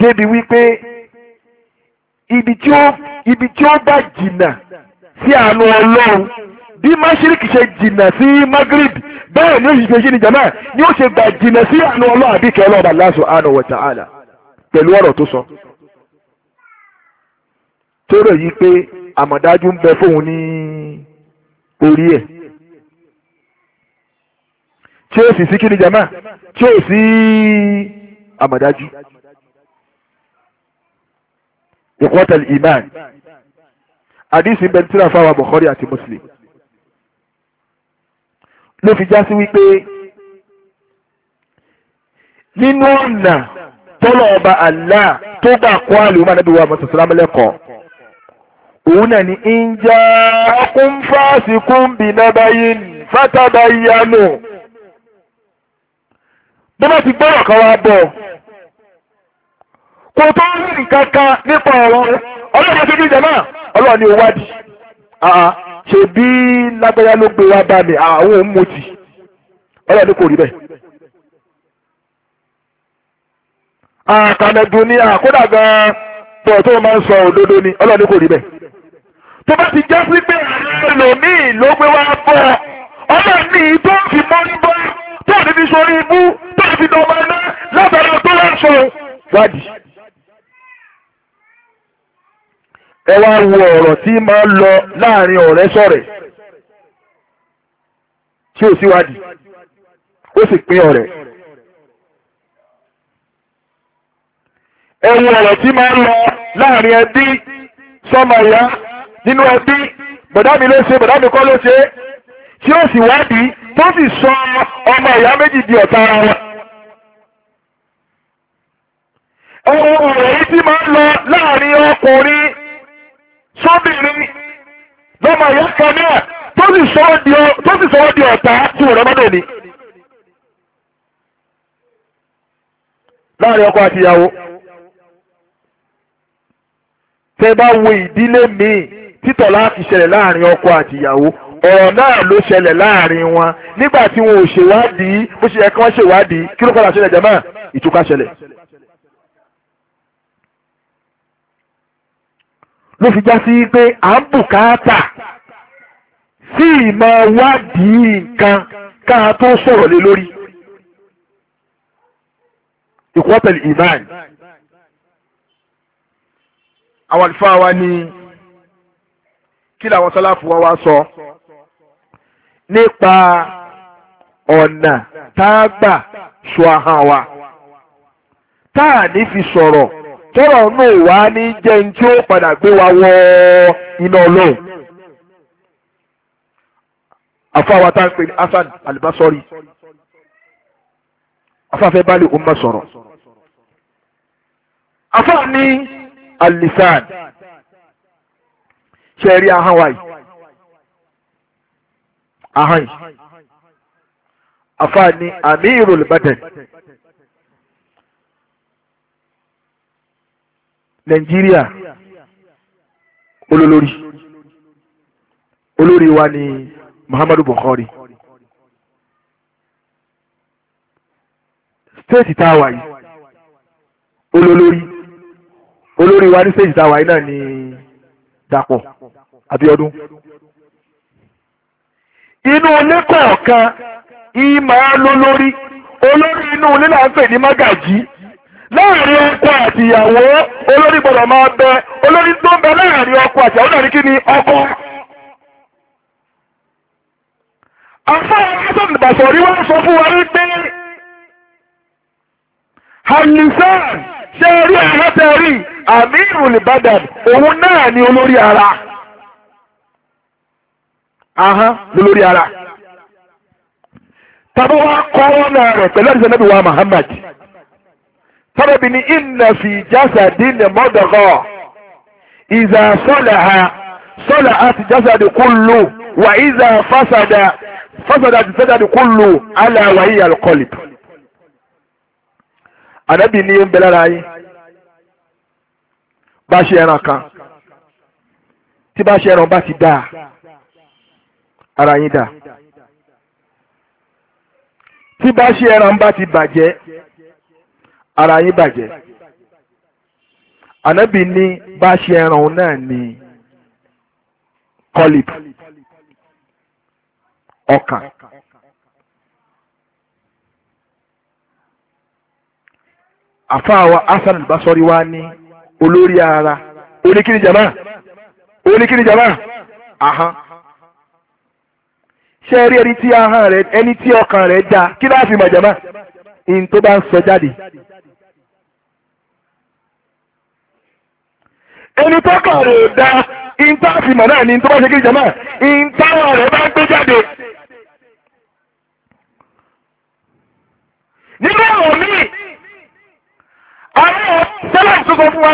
débi wípé ibi tí ó ibi tí ó bá jìnnà sí àánú ọlọ́run bí mashiriki ṣe jìnnà sí magrib bẹ́ẹ̀ ni ó sì ṣe ṣe ní jama ni ó ṣe gbà jìnnà sí àánú ọlọ́run àbí kẹ́ ọlọ́run Allah subhanahu wa ta'ala pẹ̀lú ọ̀rọ̀ tó sọ. tóró yìí pé àmọ̀dájú ń bẹ fóun ní orí ẹ̀ tí ó sì sí kí ni jama tí ó sì àmọ̀dájú ìkọ́tẹ̀lì iman àdìsí bẹ̀ntìrà fáwọn Bukhari àti Muslim ló fi já sí wípé nínú ọ̀nà tọ́lọ̀ ọba Allah tó gbà kọ́ àlùmọ́ àdàbí wa mọ̀tò sàlámù lẹ́kọ̀ọ́ òun náà ni ń jẹ́ akúnfàásìkún bìnàbáyìn fátàbáyánù bí wọ́n ti gbọ́rọ̀ kan wá bọ̀ kò tó ń nǹkan nípa ọ̀rọ̀ ọlọ́run ti ní ọlọ́run ni ìwádìí ṣe bí ló gbé wá bá mi àwọn òun mo jì ọlọ́run ni kò rí bẹ́ẹ̀. àkànẹ̀dùn ni àkódà gan-an tó máa ń òdodo ni ọlọ́run ni kò rí bẹ́ẹ̀. tó bá ló gbé wá bọ̀ ọlọ́run mọ́ bọ́ tó fi ibú tó ẹ wá wo ọ̀rọ̀ tí máa ń lọ láàrin ọ̀rẹ́ sọ̀rẹ́ tí ò síwádìí ó sì pín ọ̀rẹ́ ẹ wo ọ̀rọ̀ tí máa ń lọ láàrin ẹbí sọ́mọ ìyá nínú ẹbí bọ̀dá mi ló ṣe bọ̀dá mi kọ́ ló ṣe tí ó sì wádìí tó sì sọ ọmọ ìyá méjì di ọ̀tá ara wọn. ẹ wo ọ̀rọ̀ yìí tí máa ń lọ láàrin ọkùnrin sóbìnrin lọ́mọ ìyá kan náà tó sì sọ́wọ́ di ọ̀tá tí wọ́n lọ́mọdé ni. láàrin ọkọ àti ìyàwó tẹ́ bá wo ìdílé míì títọ̀ láti ṣẹlẹ̀ láàrin ọkọ àti ìyàwó ọ̀rọ̀ náà ló ṣẹlẹ̀ láàrin wọn nígbà tí wọn ò ṣèwádìí bó ṣe yẹ kí wọ́n ṣèwádìí kí ló padà ṣẹlẹ̀ jẹ́mọ́ ìtúká ṣẹlẹ̀. ló fi já sí pé à ń bùkátà sí ìmọ̀ wádìí nǹkan ká tó sọ̀rọ̀ lé lórí ìkọ́tẹ̀lì ìmáàlì àwọn àlùfáà wa ni kí làwọn sálàfù wa wá sọ nípa ọ̀nà tá a gbà sọ ahọ́n wa tá ní fi sọ̀rọ̀ tọ́rọ̀ náà wá ní jẹ́ ní tí ó padà gbé wa wọ iná ọlọ́run. àfọwọ́ tá ń pè ní Hasan Albasori afáfẹ́ bá lè o má ní alisan ṣe rí ahọ́n wa yìí ní amirul badan. nàìjíríà olólórí olórí wa ni muhammadu buhari stéètì tá a wà yìí olólórí olórí wa ní stéètì tá a wà yìí náà ni dàpọ̀ abíọ́dún inú ilé kọ̀ọ̀kan ìmọ̀ lólórí olórí inú ilé là ń pè ní mágàjí. láàrin ọkọ àti ìyàwó olórí gbọ́dọ̀ máa bẹ olórí tó bẹ láàrin ọkọ àti ìyàwó náà ní kí ni ọkọ. àfáà hasan basori wọn sọ fún wa wípé hanisan ṣe rí amiru libadan òun náà ni olórí ara. ahán lórí ara. tàbí wọn kọ́ wọn náà wa Muhammad. sábàbí ni inna fi jasadin mọ́dọ̀gọ́ ìzà salaha salahat jasad kullu wà ìzà fásádà fásádà jasad kullu ala wa hiya al-qalb. ànábì ní ń bẹ lára yín bá ṣe ẹran kan tí bá ṣe ẹran bá ti dáa ara yín dáa tí bá ṣe ẹran bá ti bàjẹ́ ara yín bàjẹ́ ànábì ní bá ṣe ẹran náà ní kọlìp ọkàn àfáàwọ̀ hasan albasori wa ní olórí ara oníkiri jama oníkiri jama aha ṣe rí ẹni tí ọka rẹ ẹni tí ọkàn rẹ dá kí láàfin ní tó bá ń sọ jáde. ẹni tó kàrò da ìntàfì mọ̀ náà ni tó bá ṣe kiri jama ìntàwà rẹ̀ bá gbé jáde. nínú ọ̀rọ̀ mi àwọn sẹ́lẹ̀ tuntun fún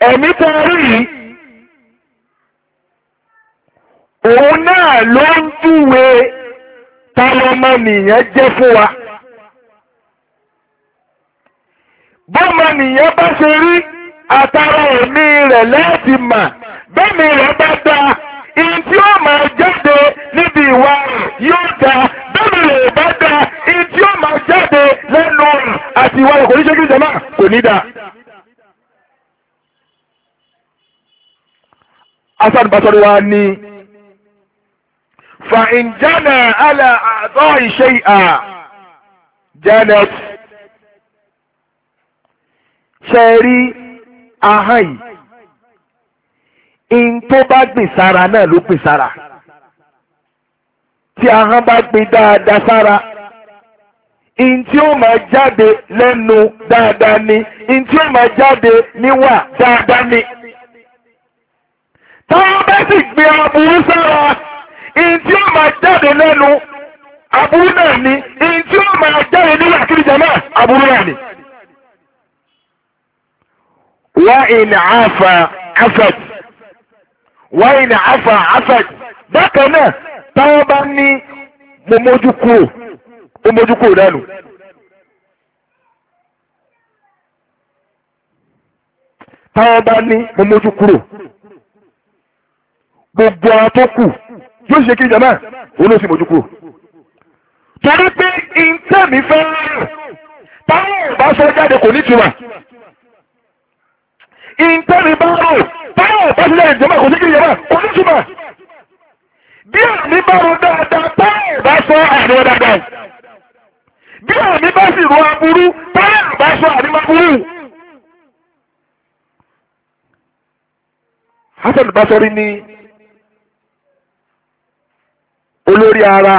ẹ̀mí tó rí yìí. òun náà ló ń júwe tálọ́mọnìyàn jẹ́ fún wa. bọ́mọnìyàn bá ṣe rí àtàrà ẹ̀mí rẹ̀ láti mà bẹ́ẹ̀ni rẹ̀ bá da ihun tí ó máa jáde níbi ìwà rẹ̀ yóò da bẹ́ẹ̀ni rẹ̀ bá da ihun tí ó máa jáde lẹ́nu rẹ̀ àti ìwà rẹ̀ kò ní ṣe kí ìjọba kò ní da. asad basori wa ni. فإن جنى على أعضاء شيئا جنت ṣẹ̀rí ahán yìí in tó bá gbìn sára náà ló gbìn sára tí ahán bá gbìn dáadáa sára in tí ó máa jáde lẹ́nu dáadáa ni in tí ó máa jáde níwà dáadáa ni táwọn bá sì gbìn aburú sára ìdí ó máa jáde lẹ́nu aburú náà ni ìdí ó máa jáde ní àkìrí jama aburú náà ni. wá ìní àfà afad wá ìní àfà afad bákan náà táwọn bá ní mo mójú kúrò ó mójú kúrò lẹ́nu. táwọn bá ní mo mójú kúrò gbogbo àwọn yóò ṣe kí jama òun ló sì mójú kúrò. torí pé ìtẹ́mi fẹ́ rò táwọn ò bá sọ jáde kò ní tiwa. ìtẹ́mi bá rò táwọn ò bá sọ jáde jama kò ní kí jama kò ní tiwa. bí àmì bá ro dáadáa táwọn ò bá sọ àríwá dáadáa. bí àmì bá sì ro aburú táwọn ò bá sọ àríwá burú. Hasan Basori ni. olórí ara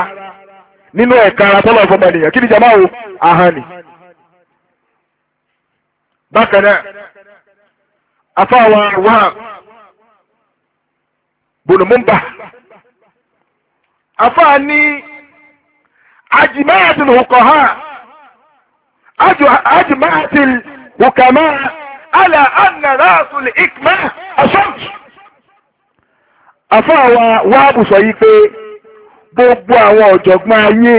nínú ẹ̀ka ara tọ́lọ̀ fọmọ ènìyàn kí ni jama o ahani ni. bákan náà afáwọn wàhán bùnùmùbà afáà ní àjìmáàtì lùkọ̀há àjìmáàtì lùkàmá àlà ànàràsùl ìkmá àṣọ́ọ̀tù afáà wa wàhábù sọ yìí pé. gbogbo àwọn ọ̀jọ̀gbọ́n ayé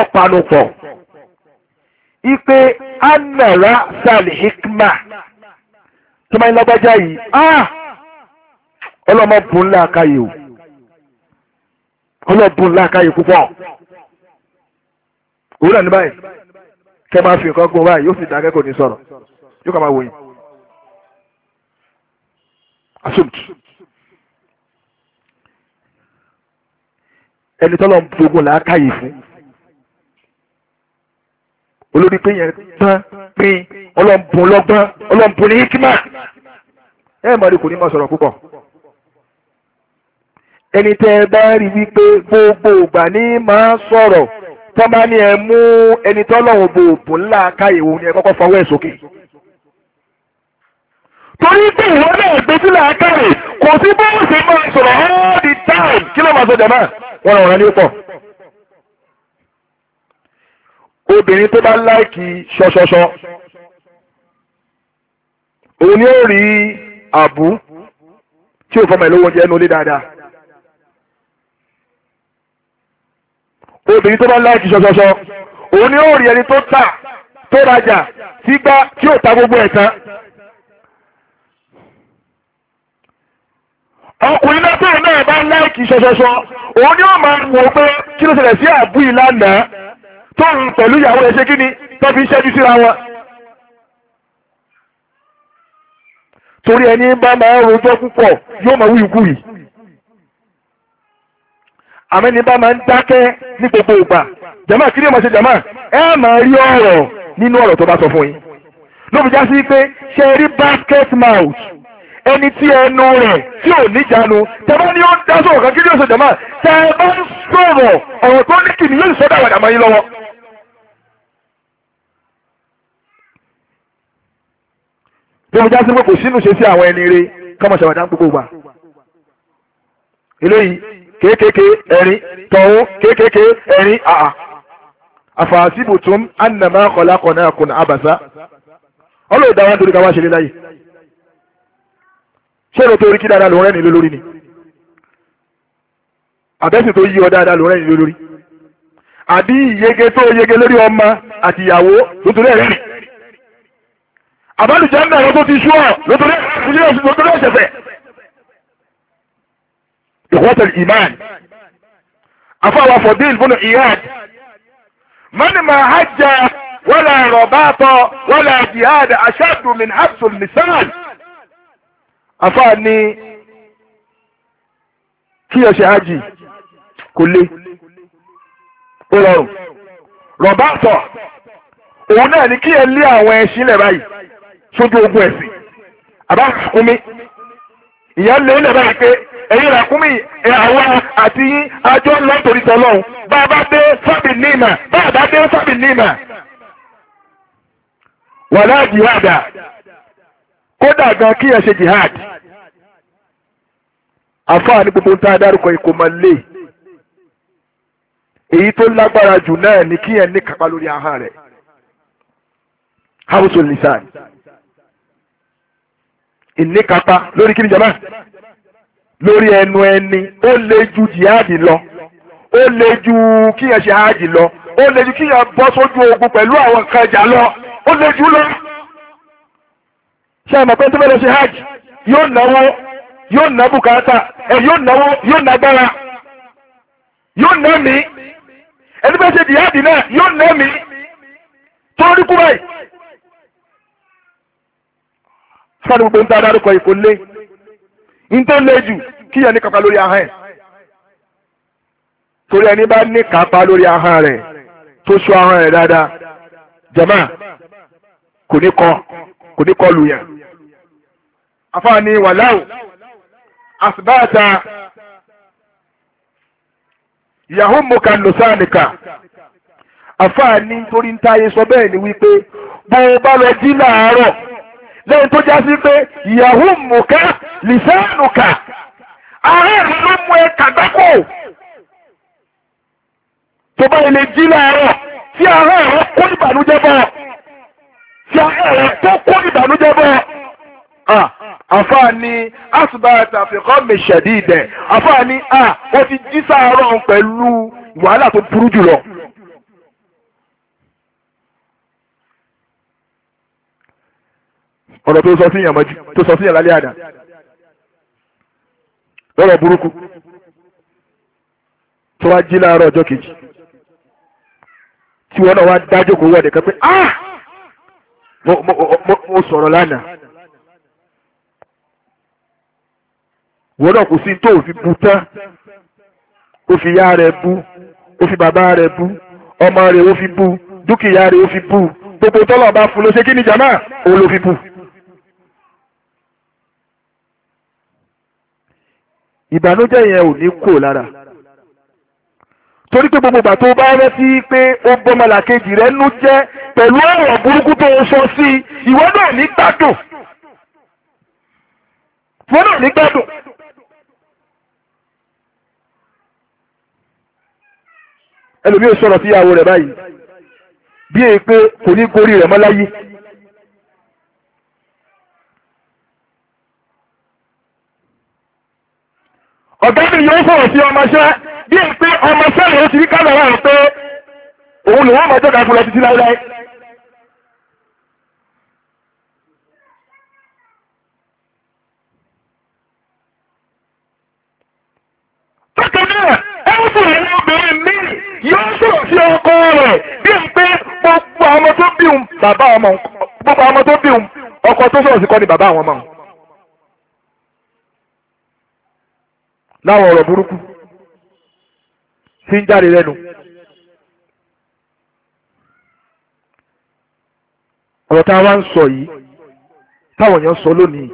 ọ̀panupọ̀ ipe anara sali hikma tó máa ń lọ́gbájá yìí ah! ọlọ́mọ bùn ńlá àkáyè o ọlọ́bùn ńlá àkáyè púpọ̀ òun náà ní báyìí kẹ máa fi nǹkan gún báyìí yóò sì dá akẹ́kọ̀ọ́ ní sọ̀rọ̀ yóò kà máa wòyìn assumed. ẹni tọ́lọ̀ ń jogún làákàyè fún olórí pé yẹn gbọ́n pín ọlọ́mbùn lọ́gbọ́n ọlọ́mbùn ní hikima ẹ mọ̀ rí kò ní máa sọ̀rọ̀ púpọ̀ ẹni tẹ́ ẹ bá rí wípé gbogbo ìgbà ní máa sọ̀rọ̀ tọ́ bá ní ẹ mú ẹni tọ́lọ̀ òbò òbò ńlá káyè òun ni ẹ kọ́kọ́ fọwọ́ ẹ̀ sókè torí pé ìwọ náà gbé sílẹ̀ akẹ́rẹ̀ kò sí bó ṣe máa sọ̀rọ̀ all the time kí ló máa sọ jàmáà wọn ràn wọn ní pọ̀. obìnrin tó bá láìkì ṣọṣọṣọ òun ni rí àbú tí ò fọmọ ìlówó oúnjẹ ẹnu ilé dáadáa. obìnrin tó bá láìkì ṣọṣọṣọ òun ni rí ẹni tó tà tó rajà sígbà tí ò ta gbogbo ẹ̀ tán. ọkùnrin náà tóun náà bá ń láìkì ṣọṣọṣọ òun ni wọn máa ń wò pé kí ló ṣẹlẹ̀ sí àbú ìlànà tóun pẹ̀lú ìyàwó ẹ̀ ṣe kí ni tó fi ṣẹ́jú síra wọn. torí ẹni bá máa ń rojọ́ púpọ̀ yóò máa wí ikú yìí àmọ́ ẹni bá máa ń dákẹ́ ní gbogbo ìgbà jàmáà kí ni mo ṣe jàmáà ẹ máa rí ọ̀rọ̀ nínú ọ̀rọ̀ tó bá sọ fún yín ló já sí pé ṣe rí basket mouth ẹni tí ẹnu rẹ̀ tí ò níjànú tẹ́lá ni ó ń dá sọ̀rọ̀ kan kí ni ó sọ jàmá tẹ́ ẹ bá ń sọ̀rọ̀ ọ̀rọ̀ tó ní kìnnì yóò sọ́dà wà dàmọ́ yín lọ́wọ́. bí mo já sí pé kò sínú ṣe sí àwọn ẹni rẹ kọ́mọ̀ ṣàwádà ń gbogbo gbà. eléyìí kéékèèké ẹ̀rín tọ̀hún kéékèèké ẹ̀rín àà àfàásìbùtún ànàmá kọ̀lákọ̀ná kùn àbàsá ọlọ́ọ̀dà wa ń torí ká ṣe lé láyè ṣé èrò tó rí kí dáadáa ló rẹ́ nílé lórí ni àbẹ́sìn tó yí ọ dáadáa ló rẹ́ nílé lórí àbí ìyege tó yege lórí ọmọ àti ìyàwó ló torí ẹ̀rí rìn àbálùjá náà lọ́tọ́ ti ṣú ọ̀ ló torí ẹ̀ṣẹ̀fẹ̀ ìwọ́tẹ̀ ìmáàn afáwà fọ̀díl fún ìyáàd mọ́ni máa hajjá wọ́lá rọ̀bátọ̀ wọ́lá jihad aṣáàdùn min hapsul nisan àfáà ní kí ẹ ṣe hajj kò le ó rọrùn rọ̀bá sọ òun náà ni kí ẹ lé àwọn ẹṣin lẹ̀ báyìí sójú ogun ẹ̀sìn àbá kúmi ìyá lè lè báyìí pé ẹ̀yin rà kúmi àwa àti yín ajọ́ ń lọ torí tọ́lọ́hún bá a bá dé sábì níìmà bá a bá dé sábì níìmà wàlá jìhádà kódà gan kí ẹ ṣe jihad àfáà ní gbogbo tá a dárúkọ ikò máa lé èyí tó lágbára jù náà ni kí ẹ ní kápá lórí ahọ́n rẹ̀ hausul lisan ìníkápá lórí kí ni jama lórí ẹnu ẹni ó lé ju jihad lọ ó lé ju kí ẹ ṣe hajj lọ ó lé ju kí ẹ bọ́ sójú ogun pẹ̀lú àwọn kan lọ ó lé jù lọ ṣe mọ̀ pé tó bẹ́ẹ̀ lọ ṣe hajj yóò náwó yóò ná bùkátà ẹ yóò náwó yóò nágbára yóò ná mi ẹni bẹ́ẹ̀ ṣe dìhádì náà yóò ná mi tó rí kú báyìí. sọ́ni gbogbo ń ta dárúkọ yìí lé ń tó lé jù kíyàn ní kápá lórí ahọ́n ẹ̀ torí ẹni bá ní kápá lórí ahọ́n rẹ̀ tó sọ ahọ́n rẹ̀ dáadáa jàmáà kò ní kọ kò ní kọ lùyàn àfààní walau àsìbáàtà Yahumuka mọ̀ká lọ́sàánìkà àfààní torí ń táyé sọ bẹ́ẹ̀ ni wípé bó o bá lọ jí láàárọ̀ lẹ́yìn tó já sí pé ìyàwó mùká lìsẹ́ẹ̀nùkà ààrẹ rẹ̀ ló mú ẹ kàgbákò tó bá ilé jí láàárọ̀ tí ààrẹ rẹ̀ kó ìbànújẹ́ bọ̀ tí ààrẹ rẹ̀ tó kó ìbànújẹ́ bọ̀ ah, àfáàní asùbáratà àfikọ́ mẹ́sẹ̀dí ìdẹ̀ àfáàní a ó ti jí sáárọ̀ pẹ̀lú wàhálà tó burú jùlọ. ọ̀rọ̀ tó sọ sí yàn mọ́jú tó sọ sí yàn lálẹ́ àdá lọ́rọ̀ burúkú tó wá jí láàárọ̀ ọjọ́ kejì tí wọ́n náà wá dájókòó wọ́ọ̀dẹ̀ kan pé ah mo sọ̀rọ̀ lánàá. wọ́n náà kò sí tó fi bu tán ó fi yá rẹ̀ bú ó fi bàbá rẹ̀ bú ọmọ rẹ̀ ó fi bú dúkìá rẹ̀ ó fi bú gbogbo tọ́lọ̀ bá fún ló ṣe kí ni jàmá ó ló fi bú. ìbànújẹ́ yẹn ò ní kò lára torí pé gbogbo ìgbà tó bá rẹ́ sí pé ó bọ́mọlàkejì rẹ̀ nú jẹ́ pẹ̀lú ọ̀rọ̀ burúkú tó ń sọ sí ìwọ náà ní gbádùn ìwọ náà ní gbádùn. ẹlòmí ò sọ̀rọ̀ sí ìyàwó rẹ̀ báyìí bí èyí pé kò ní gorí rẹ̀ mọ́ láyé. ọ̀gá mi yóò sọ̀rọ̀ sí ọmọṣẹ́ bí èyí pé ọmọṣẹ́ rẹ̀ ó ti rí kádàrá rẹ̀ pé òun lòun àmọ́ ọjọ́ kan lọ títí láéláé. bákan náà ẹ ń sọ̀rọ̀ sí ọkọ rẹ̀ bí n pé gbogbo ọmọ tó bí òun bàbá ọmọ gbogbo ọmọ tó bí òun ọkọ tó sọ̀rọ̀ sí kọ́ ni bàbá àwọn ọmọ láwọn ọ̀rọ̀ burúkú tí ń jáde lẹ́nu. ọ̀rọ̀ tá a wá ń sọ yìí táwọn èèyàn sọ lónìí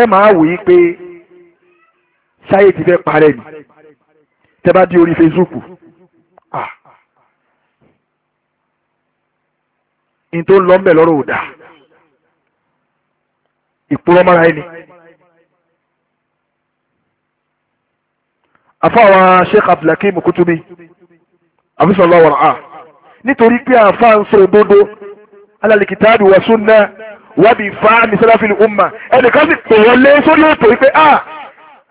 ẹ máa wò yí pé sáyé ti fẹ́ parẹ́ ni tẹ́ bá dé orí Facebook ní tó ń lọ mbẹ lọ́rọ̀ òdà ìpúrọ́ mọ́ra ẹni. àfàwọn Sheikh Abdulhakeem Kutubi àfisọ̀lọ́ wọ̀rọ̀ a nítorí pé àfà ń sọ òdodo alálìkítàbí wa sunna wábì fáàmì sálàfin umma ẹnìkan sì pè wọ́n lé sórí ètò yìí pé a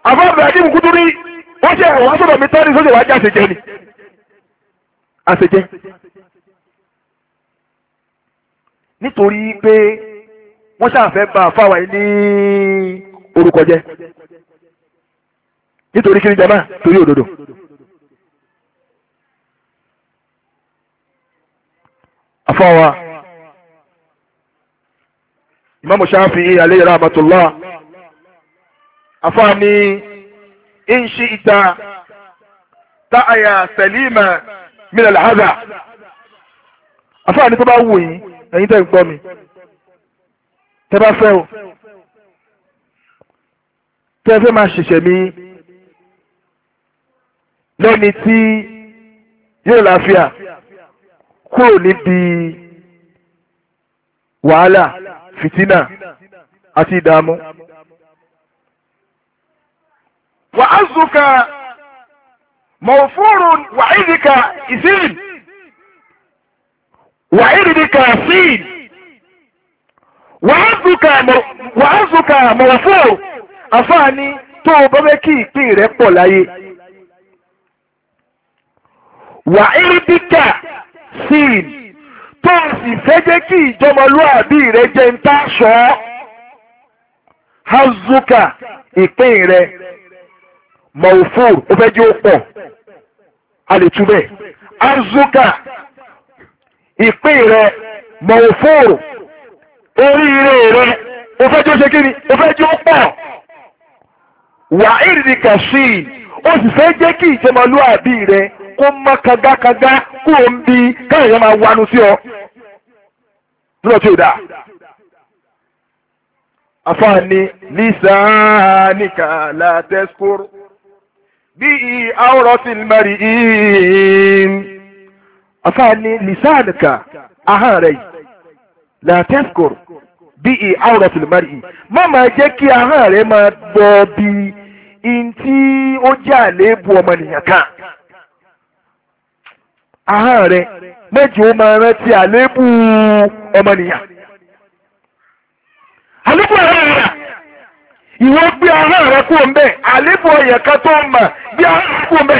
àfà Abdulhakeem Kutubi wọ́n ṣe àwọn sọ̀rọ̀ mi tán ní sọ́jà wàá jẹ́ àṣejẹ ni àṣejẹ nítorí pé wọ́n ṣàfẹ́ bá fáwa yìí ní orúkọ jẹ́ nítorí kí ni jama torí òdodo. afawa imamu shafi'i alayhi rahmatullah afa ni in shi ita ta aya salima min al-adha afa ni tó bá wù yín ẹ̀yin tẹ́ ń gbọ́ mi tẹ́ bá fẹ́ o tẹ́ fẹ́ máa ṣẹ̀ṣẹ̀ mi lẹ́ni tí yóò láfíà kúrò níbi wàhálà fìtínà àti ìdààmú. wàásù ka mọ̀fúrù wàhídìí ka ìsìn wàhídìdìkà síìn wàhásùkà mọ̀wọ́fọ́ àfáàní tó bọ́bẹ́ kí ìpín rẹ̀ pọ̀ láyé wàhídìdìkà síìn tó sì fẹ́ jẹ́ kí ìjọmọlúàbí rẹ̀ jẹ́ ń tá sọ ọ́ hazuka ìpín rẹ̀ mọ̀wọ́fọ́ ó fẹ́ pọ̀ a lè hazuka ìpín rẹ̀ mọ̀wòfóòrò oríire rẹ̀ o fẹ́ jó ṣe kí ni o fẹ́ jó pọ̀ wà ìrìnrìn kàṣí o sì fẹ́ jẹ́ kí ìjọmọlúàbí rẹ̀ kó mọ́ kagakagá kó o ń bi káyọ̀ máa wanu sí ọ lọ́dọ̀ tí o dáa afaani lisanika la tẹ́sikóró bí i awrọ́tìlmẹ́rì ìhìn afa ni lisanika ahan rẹ yìí la tẹsikor bi i awura filimari yìí má máa jẹ́ kí ahan rẹ máa gbọ́ bí ntí ó jẹ́ àléébù ọmọnìyàn kan ahan rẹ méjì ó máa rántí àléébù ọmọnìyàn àléébù ahan rẹ ìwọ gbé ahan rẹ kú ọ̀nbẹ àléébù ọ̀yẹ̀ká tó ń mà gbé ahan rẹ kú ọ̀nbẹ.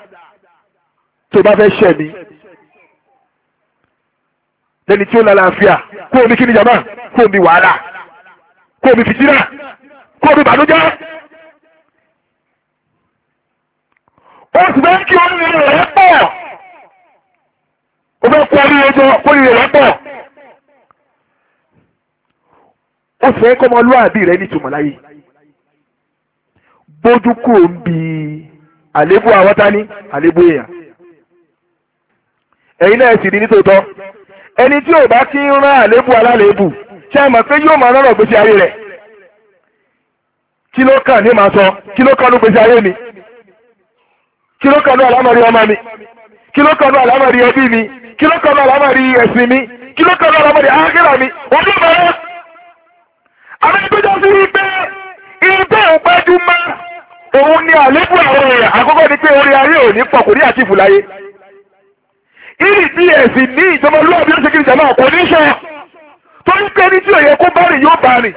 tó bá fẹ́ ṣẹ̀ mi lẹ́ni tí ó lálàáfíà kó omi kí ni jàmbá kó omi wàhálà kó omi fìtínà kó omi bàlújẹ́. ó sì fẹ́ kí oríire rẹ̀ pọ̀ ó fẹ́ kó oríire jọ kó oríire rẹ̀ pọ̀ ó sì fẹ́ kọ́ ọmọlúwàbí rẹ̀ nítumọ̀ láyé bójú kúrò ń bi àlébù àwọn tání àlébù èèyàn. ẹ̀yin náà sì rí nítòótọ́ ẹni tí ò bá kí ń rán àléébù alálèébù ṣe é mọ̀ pé yóò máa rọrọ̀ gbèsè ayé rẹ̀ kí ló kàn ní màá sọ kí ló kàn ní mi kí ló kàn ní àlámọ̀rí mi kí ló kàn ní àlámọ̀rí mi kí ló kàn ní àlámọ̀rí ẹ̀sìn mi kí ló kàn ní àlámọ̀rí mi ojú mọ̀rẹ́ àwọn ìgbẹ́jọ́ sí wípé ìgbẹ́ mọ́ òun ni àléébù àwọn èèyàn àkọ́kọ́ ni pé orí ayé pọ̀ ìrì tí ẹ̀sìn ní ìjọba olóòbí ló ṣe kiri jàmá kò ní sọ tó ń pẹ́ ní tí òye kó bá rìn yóò bá rìn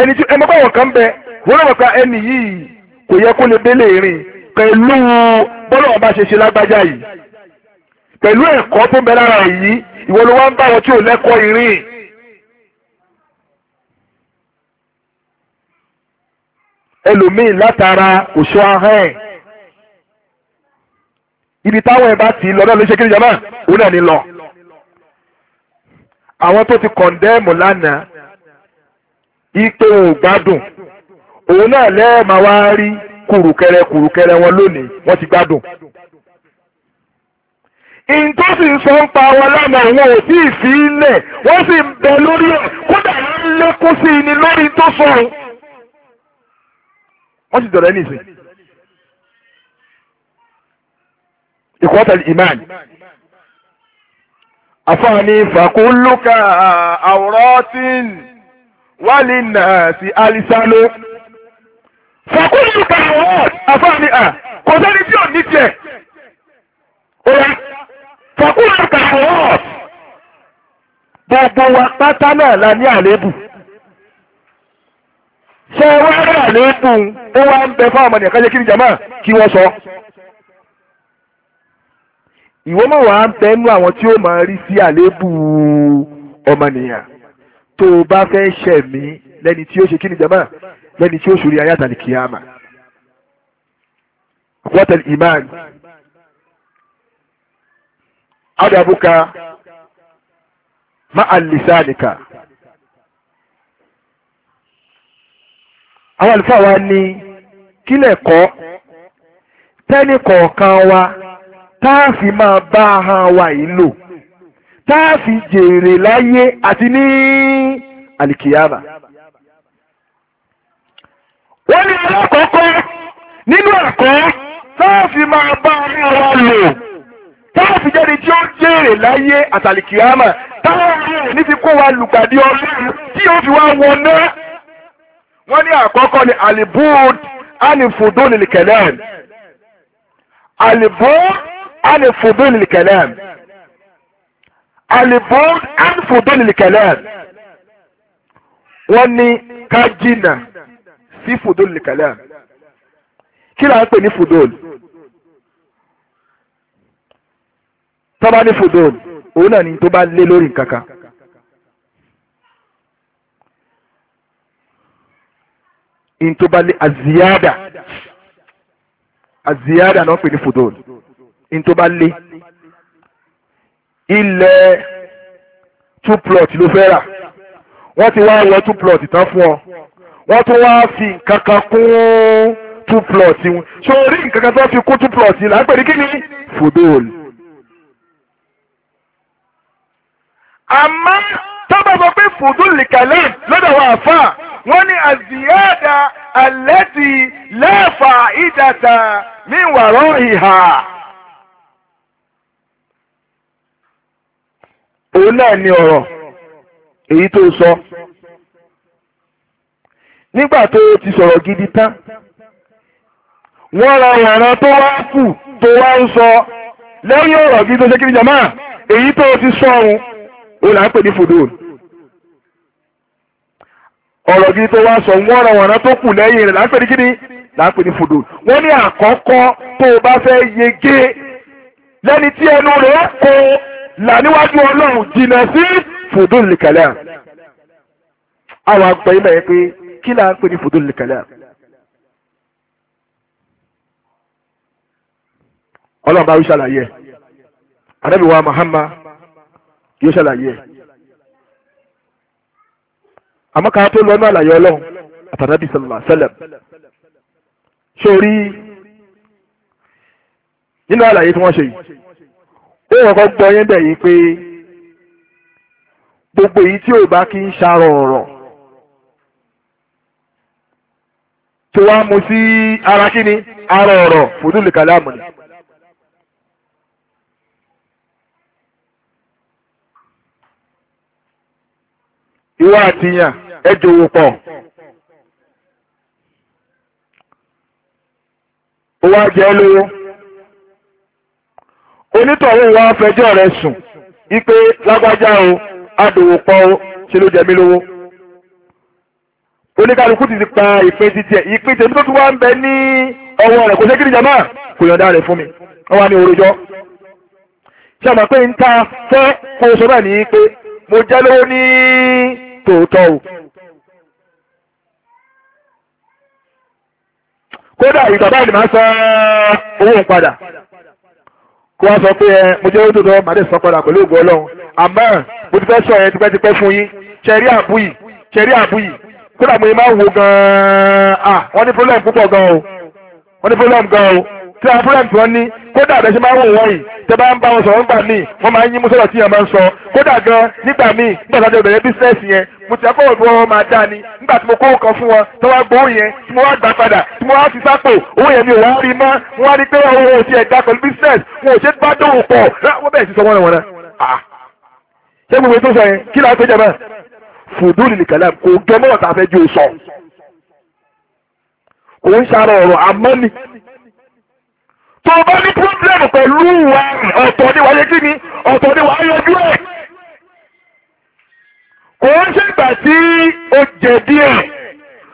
ẹni tí ẹmọ báwọn kan bẹ wọn náà wọ̀ká ẹni yìí kò yẹ kó lè délé rìn pẹ̀lú bọ́lá ọba ṣe ṣe lágbájá yìí pẹ̀lú ẹ̀kọ́ tó ń bẹ lára èyí ìwọ ló wá ń bá tí ò lẹ́kọ̀ọ́ ìrìn. ẹlòmíì látara òṣù ahọ́n ibi táwọn ẹ̀ bá ti lọ náà ló ṣe kí ni jama òun náà ni lọ. àwọn tó ti kọ̀ndẹ́ẹ̀mù lánàá ipe òun ò gbádùn òun náà lẹ́ẹ̀ma wá rí kùrùkẹrẹ kùrùkẹrẹ wọn lónìí wọ́n ti gbádùn. ìǹtọ́sí sọ ń pa wọn lánàá wọn ò tí wọ́n sì ń bẹ lórí ẹ̀ kódà wọ́n lékún sí i ni lórí tó sọ̀rọ̀. wọ́n sì dọ̀rọ̀ ẹ́ nìsín. ìkọ́tà ìmáàn àfààní fàkúlùkà àwòrán wálé náà sí alìsánú fàkúlùkà àwòrán àfààní à kò sẹ́ni tí ò ní tiẹ̀ òyà fàkúlùkà àwòrán gbogbo wa pátá náà la ní àléébù ṣé wọ́n rí àléébù ó wá ń bẹ fáwọn ọmọdé kan jẹ́ kí ni jàmáà kí wọ́n sọ ìwọ mọ̀ wá ń bẹnu àwọn tí ó máa rí sí àléébù ọmọnìyàn tó o bá fẹ́ ṣẹ̀mí lẹ́ni tí ó ṣe kíni jama lẹ́ni tí ó ṣòrí ayé àtàlìkìyàmà wọ́tẹ̀l iman adabuka ma'al lisanika àwọn àlùfáà wa ní kílẹ̀ kọ́ tẹ́nì kọ̀ọ̀kan wa táàfì máa bá ahọ́n wa yìí lò táàfì jèrè láyé àti ní àlìkìyàmà. wọ́n ní alákọ̀ọ́kọ́ nínú ẹ̀kọ́ táàfì máa bá ahọ́n wa lò táàfì jáde tí ó jèrè láyé àtàlìkìyàmà táàfì ní fi kó wa lùgbàdì ọlọ́run tí yóò fi wá wọn náà. wọ́n ní àkọ́kọ́ ni alibud alifudolilkẹlẹ́n alibud. عن فضول الكلام البعد عن فضول الكلام واني كاجينا في فضول الكلام كلا أنتني فضول طبعا فضول هنا نتبع للورين كاكا ntobali aziyada aziyada náà pè ní fudol ní tó bá lé ilẹ̀ two plot ló fẹ́ rà wọ́n ti wá lọ two plot tán fún ọ wọ́n tún wá fi nǹkan kan kún two plot wọn sórí nǹkan kan tó fi kún two plot yìí lápẹ̀ ní kíni fòdóòlù. àmọ́ tọ́ba pé fòdóòlù kàlẹ́ lọ́dọ̀ wa àfà wọ́n ní àzìyáàdà àlẹ́dì lẹ́ẹ̀fà ìdàtà mi wàrọ̀ ìhà. òun náà ni ọ̀rọ̀ èyí tó sọ nígbà tó ti sọ̀rọ̀ gidi tán wọ́n ra ìrànà tó wá kù tó wá ń sọ lẹ́yìn ọ̀rọ̀ gidi tó ṣe kí jàmá èyí tó ti sọ ọ̀hún òun là ní gidi tó wá sọ wọ́n ra ìrànà tó kù lẹ́yìn rẹ̀ ní ní wọ́n ní àkọ́kọ́ tó bá fẹ́ yege lẹ́ni tí ẹnu rẹ̀ là níwájú ọlọ́run jìnnà sí fudul kalam àwọn àgbẹ̀ ilẹ̀ yẹn pé kí là ń pè ní fudul kalam. ọlọ́run bá yóò ṣàlàyé ànábì wa Muhammad yóò ṣàlàyé àmọ́ ká tó lọ́nà àlàyé ọlọ́run àtànábì sallallahu alaihi wasallam sórí nínú àlàyé tí wọ́n ṣe yìí. ó wọ́n kọ́ gbọ́ yẹn bẹ̀ pé gbogbo èyí tí ò bá kí ń ṣàrọ̀ ọ̀rọ̀ tó wá mu sí ara kíni ni ara ọ̀rọ̀ fòdúlù kàlámù ni. ìwọ àtìyàn ẹ jòwò pọ̀. ó wá jẹ́ lówó. onítọ̀hún wa fẹjọ́ rẹ sùn ipe lágbájá o adòwòpọ̀ o ṣe ló jẹ lówó ti ti pa ìpín títí ẹ ìpín tèmi tó tún wá ń bẹ ní ọwọ́ rẹ̀ kò ṣe kí ni kò yọ̀ǹda rẹ̀ fún mi wọ́n wá ní orojọ́ ṣé àmọ́ pé ń mo jẹ́ lówó ní tòótọ́ o kódà báyìí san owó kó wá sọ pé ẹ mo jẹ́ òdodo màdé sọ padà pẹ̀lú ògùn ọlọ́run àmọ́ mo ti fẹ́ sọ yẹn tipẹ́tipẹ́ fún yín ṣẹ̀rí àbú yìí ṣẹ̀rí àbú yìí kódà mo yẹ máa ń wo gan-an wọ́n ní problem púpọ̀ gan o wọ́n ní problem gan o tí àwọn problem tí wọ́n ní kódà àbẹ̀ṣe máa ń wò wọ́n yìí tẹ bá ń bá wọn sọ̀rọ̀ nígbà míì wọ́n máa ń yín mú sọ̀rọ̀ tí yẹn máa ń sọ kódà gan nígbà míì nígbà tí wọ́n bẹ̀rẹ̀ bísíǹsì yẹn mo ti afọwọ́ bí wọ́n máa dá ni nígbà tí mo kó nǹkan fún wọn tó wá gbowó yẹn tí mo wá gbà padà tí mo wá fi sápò owó yẹn mi ò wá rí mọ́ wọ́n á rí pé owó ò tiẹ̀ dá pẹ̀lú business wọn ò ṣe bá dòwò pọ̀ wọ́n bẹ̀rẹ̀ sí sọ wọ́n rẹ̀ wọ́n náà. ṣé gbogbo tó sọ yẹn kí ló àpéjọ náà fòdó lè kàlà kò gẹ mọ́rọ̀ tá a fẹ́ ju sọ kò ń ṣàrọ̀ ọ̀rọ̀ àmọ́ ni tó o bá ní pírọ́blẹ̀mù pẹ̀lú ọ̀tọ̀ ni ọ̀tọ̀ ni wàá yọjú ẹ̀ òun ṣègbà tí ó jẹ díẹ̀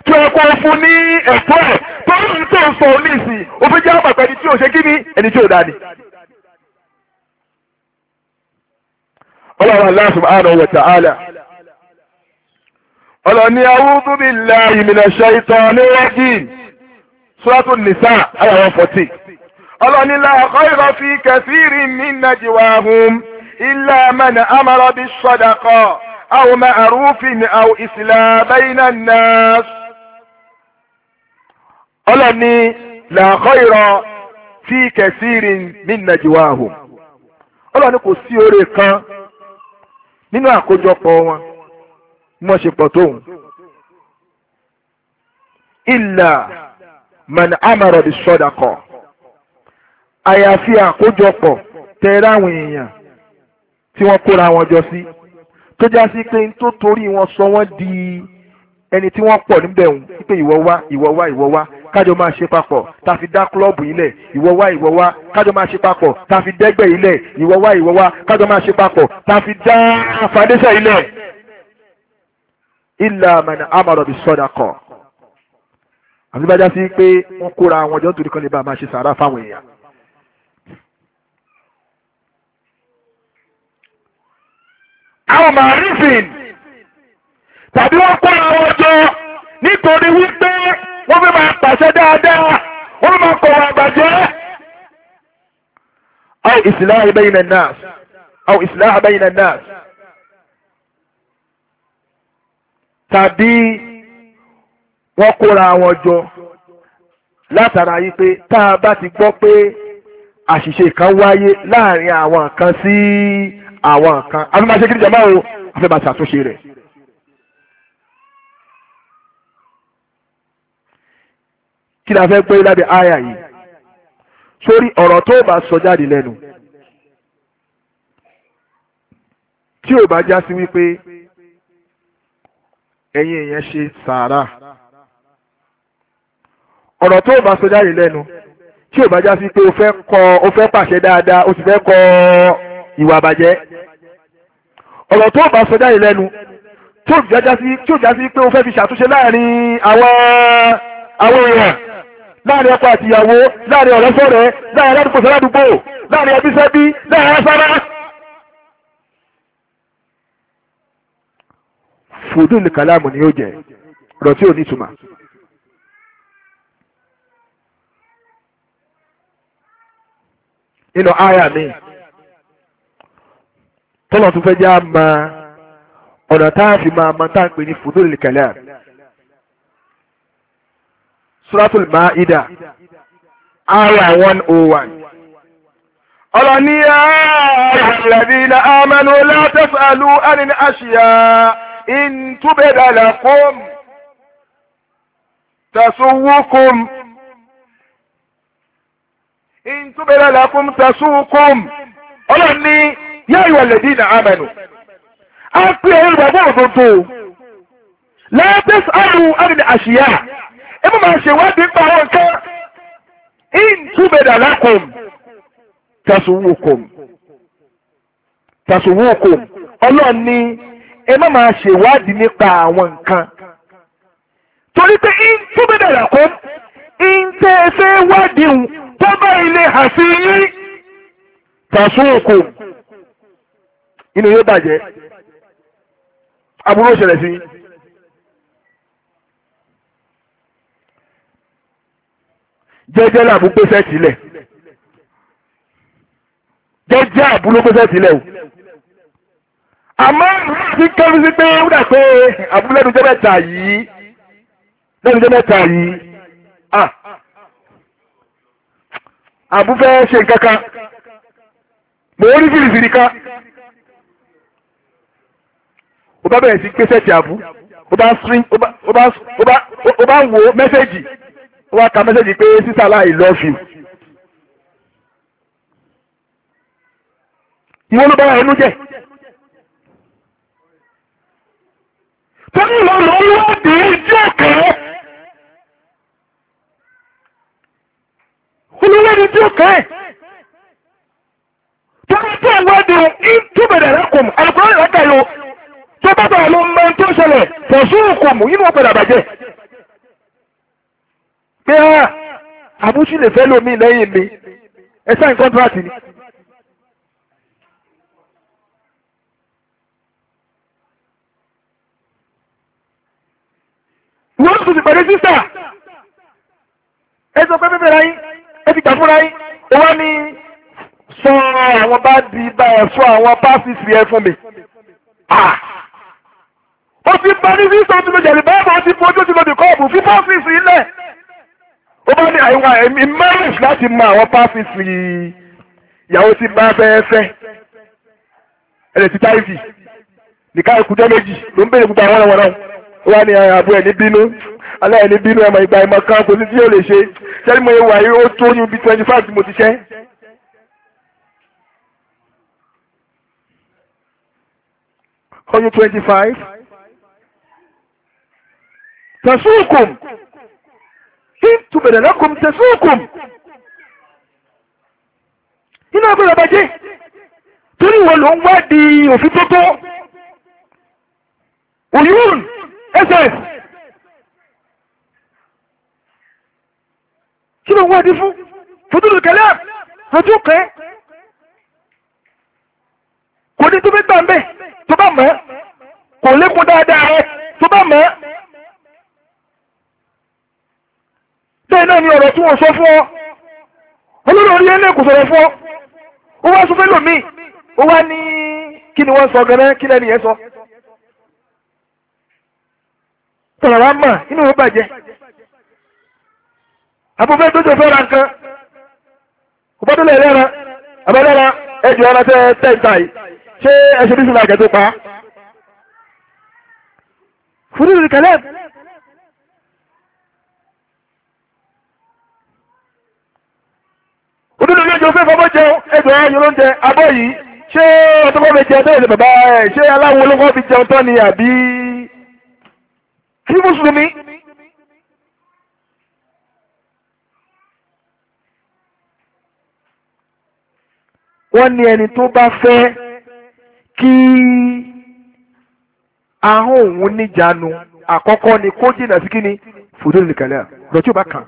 tí ẹ kọ́ fún ní ẹ̀kọ́ ẹ̀ tó ń tó ń sọ oníṣìí ó fi jẹ́ àpapọ̀ ẹni tí ò ṣe kí ni ẹni tí ò dáa ni. ọlọ́run Allah subhanahu wa ta'ala ọlọ́ni awúdú billahi minash shaitani rajim Suratun Nisa ayàwọ̀ 40 ọlọ́ni la khayra fi kathirin min najwahum illa man amara bis sadaqa. أو معروف أو إصلاح بين الناس ọlọ́ni لا خير في كثير من نجواهم ọlọ́ni kò sí oore kan nínú àkójọpọ̀ wọn mọ̀ ṣe pọ̀ tóun إلا من أمر بالصدقة àyàfi àkójọpọ̀ tẹ̀lé àwọn èèyàn tí wọ́n kóra wọn jọ sí tó já sí pé n tó torí wọn sọ wọ́n di ẹni tí wọ́n pọ̀ níbẹ̀ ń pé ìwọ wá ìwọ wá ìwọ wá kájọ máa ṣe papọ̀ tá a fi dá kílọ̀bù yìí lẹ̀ ìwọ wá ìwọ wá kájọ máa ṣe papọ̀ tá a fi dẹ́gbẹ̀ yìí lẹ̀ ìwọ wá ìwọ wá kájọ máa ṣe papọ̀ tá a fi dá fàdéṣà yìí lẹ̀. ilà mẹ́ni amọ̀rọ̀ bí sọ́dà kọ̀ àbí bá já sí pé wọ́n kóra àwọn ọjọ́ nítorí kan lè bá a máa ṣe sàárà fáwọn èèyàn àwọn màrífìn tàbí wọ́n kóra wọn jọ nítorí wípé wọ́n fẹ́ máa pàṣẹ dáadáa wọ́n máa kọ̀wọ̀ àbàjẹ́. àwọn ìsìláà ìbẹ́yìn náà àwọn ìsìláà ìbẹ́yìn náà tàbí wọ́n kóra wọn jọ látara yìí pé tá a bá ti gbọ́ pé àṣìṣe kan wáyé láàrin àwọn kan sí. Si, àwọn kan afẹ́bàṣe kiri jama o afẹ́bàṣe àtúnṣe rẹ̀. kí la fẹ́ pé lábẹ́ àyà yìí sórí ọ̀rọ̀ tó bá sọ jáde lẹ́nu tí ò bá já sí wípé ẹ̀yin èèyàn ṣe sàárà ọ̀rọ̀ tó bá sọ jáde lẹ́nu tí ò bá já sí pé o fẹ́ kọ́ o fẹ́ pàṣẹ dáadáa o sì fẹ́ kọ́ ọ ìwà àbàjẹ́ ọ̀rọ̀ tó bá sọ jáde lẹ́nu tí ò já sí pé o fẹ́ fi ṣàtúnṣe láàrin àwọn àwọn èèyàn láàrin ọkọ àti ìyàwó láàrin ọ̀rẹ́ sọ̀rẹ́ láàrin aládùúgbò sọ́ládùúgbò láàrin ẹbí sẹ́bí láàrin asára. fùdúùlù kàlámù ni yóò jẹ ọ̀rọ̀ tí ò ní ìtumọ̀. nínú àyà mi tọ́lọ̀ tó fẹ́ jẹ́ á ma ọ̀nà tá a fi máa ma tá a pè ní fudul kalam suratul ma'ida aya one oh one. ọlọ́ni alladhina amanu la tas'alu an ashiya in tubda lakum tasuwukum in tubda tasuwukum ọlọ́ni. yá ìwà lẹ́dí nà ámẹ́nu á pè é ìgbàgbọ́ òdodo lẹ́tẹ̀s àrùn àdìdì àṣìyá ẹ má máa ṣèwádìí nípa àwọn nǹkan ìtúbẹ̀dà lákòm tasuwukum tasuwukum ọlọ́run ní ẹ má máa ṣèwádìí nípa àwọn nǹkan torí pé ìtúbẹ̀dà tọba ìtẹ̀ẹ́fẹ́ wádìí tó bá ilé hàn sí yín tasuwukum. inú yóò bàjẹ́ aburú ṣẹlẹ̀ sí. jẹ́jẹ́ làbú pèsè sílẹ̀ jẹ́jẹ́ àbú ló pèsè sílẹ̀ o àmọ́ àti kẹ́mi sí pé ó dà pé àbú lẹ́nu jẹ́ mẹ́ta yìí lẹ́nu jẹ́ mẹ́ta yìí àbú fẹ́ ṣe nǹkan kan mò fìrìfìrì kan bá bẹ̀rẹ̀ sí gbé sẹ́ẹ̀tì àbú ó bá sín ó bá wo mẹ́sẹ̀gì ó wá ka mẹ́sẹ̀gì pé sísá láì love you. ìwọ ló bá wà ẹnu jẹ. torí ìlànà ọlọ́dún ojú ọ̀kẹ́. olólùwẹ̀dì ojú ọ̀kẹ́. torí tí ìwádìí ń túbẹ̀rẹ̀ rẹ̀ kùn àlùkò rẹ̀ rẹ̀ kàyọ̀ tó bá bẹ̀rẹ̀ ló mọ tó ń ṣẹlẹ̀ pọ̀ṣún kò mú inú ọ̀pẹ̀lẹ̀ àbàjẹ́ pé á ah, àbúṣí lè fẹ́ lómi lẹ́yìn mi ẹ sáìn kọ́ńtíráàtì ni. wọ́n tún ti pẹ̀lú sísà ẹ sọ pé pépè ráyín ẹ ti gbà fúnra yín wọ́n ní sọ àwọn bá di bá ẹ̀ sọ àwọn bá fi fi ẹ fún mi. Ah! ó ti bá ní sísọ tí mo jẹ̀lì báàbà ti fojú tí mo dì kọ́ọ̀bù fún pọ́fíìsì ilẹ̀ ó bá ní àìwá ẹ̀mí mẹ́rìnf láti mọ àwọn pọ́fíìsì ìyàwó tí bá fẹ́ fẹ́ ẹ̀rẹ̀ ti táìfì nìka ìkújọ́ méjì ló ń bèrè gbogbo àwọn ọ̀rọ̀ náà ó wá ní ah, àbú ẹ̀ ní bínú alẹ́ ẹ̀ ní bínú ẹ̀mọ̀ ìgbà ìmọ̀ kan kò sí tí yóò lè ṣe sẹ́ni mo wà yìí ó tó yún bí twenty five tí mo ti ṣẹ́ ó yún twenty five tẹ̀sùnkùn tí tùbẹ̀rẹ̀ lẹ́kùn tẹ̀sùnkùn nínú ọgbẹ̀rẹ̀ bàjẹ́ torí wọ́n ló ń wádìí òfin tó tó òyún ẹsẹ̀ kí ló ń wádìí fún fòtúlù kẹlẹ́ ojú kẹ́ kò ní bẹ́ẹ̀ ni ọ̀rọ̀ tí wọ́n sọ fún ọ olórí orí ẹlẹ́ kò sọ̀rọ̀ fún ọ ó wá sọ fẹ́ lòmíì ó wá ní kí ni wọ́n sọ gẹ́rẹ́ kí lẹ́nu yẹn sọ tọ̀rọ̀ wá mà inú ó bàjẹ́ àbúfẹ́ tó jẹ́ fẹ́ ra nǹkan kò bá délé ẹlẹ́ra àbẹ́lẹ́ra ẹ̀jẹ̀ ọ̀la tẹ́ tẹ́ǹtà yìí ṣé ẹ̀ṣẹ̀ bí sinmi dúdú ní ìjọba fẹ́fọ́ jẹ ẹgbẹ́ ẹ̀yìn lóúnjẹ abọ́ yìí ṣé ọtọ́ fẹ́ jẹ bẹ́ẹ̀ ni bàbá ẹ̀ ṣé aláwo ló fi jẹun tán ni àbí kí mùsùlùmí. wọ́n ní ẹni tó bá fẹ́ kí ahọ́n níjànú àkọ́kọ́ ni kó jìnnà sí kí ni fòdó nìkàlẹ́ rọ̀jú bá kàn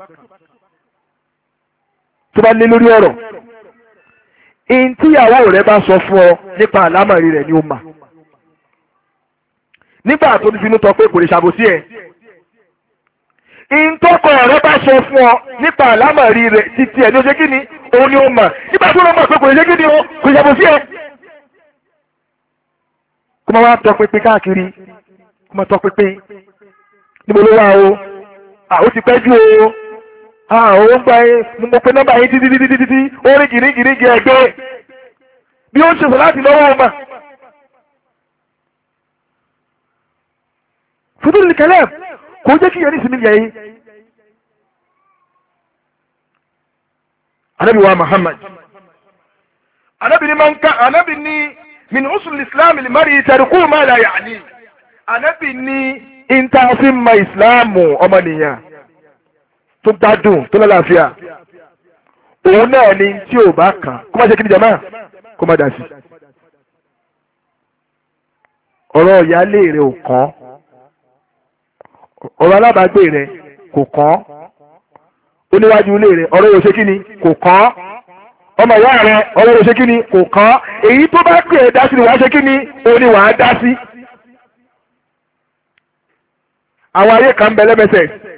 tó bá lé lórí ọ̀rọ̀ ihun tíyàwó rẹ bá sọ fún ọ nípa àlámọ̀rí rẹ ni ó mà nígbà tó ti finú tọ pé kò lè ṣàbòsí ẹ ihun tọkọ rẹ bá sọ fún ọ nípa àlámọ̀rí rẹ títí ẹ ní ó ṣe kí ni òun ni ó mà nígbà tó lọ mọ̀ pé kò lè ṣe kí ni ó kò lè ṣàbòsí ẹ kó máa wá tọ pínpín káàkiri kó máa tọ pínpín níbo ló wà o à ó ti pẹ́ jù o àwọn gba ẹ mo pe nọ́mbà yín títí títí títí ó rí gìrìgìrìgì ẹgbẹ́ bí ó ṣe sọ láti lọ́wọ́ ọmọ. fúdúrú ní kẹlẹ́ kò jẹ́ kí yẹn ní sinmi yẹn yìí. anabi wa Muhammad anabi ni man anabi ni min usul islam li mari tariku ma la yaani anabi ni intaafin ma islam ọmọ nìyẹn. tó gbádùn tó lálàáfíà òun náà ni tí o bá kàn kó má ni jama kó má dà sí. ọ̀rọ̀ ìyáálé rẹ̀ ò kàn ọ̀rọ̀ alábàágbé rẹ̀ kò kàn oníwájú ilé rẹ̀ ọ̀rọ̀ yóò ṣe ni kò ọmọ ya rẹ̀ ọ̀rọ̀ yóò ṣe kí ni kò kàn èyí tó bá pè é ni wàá ṣe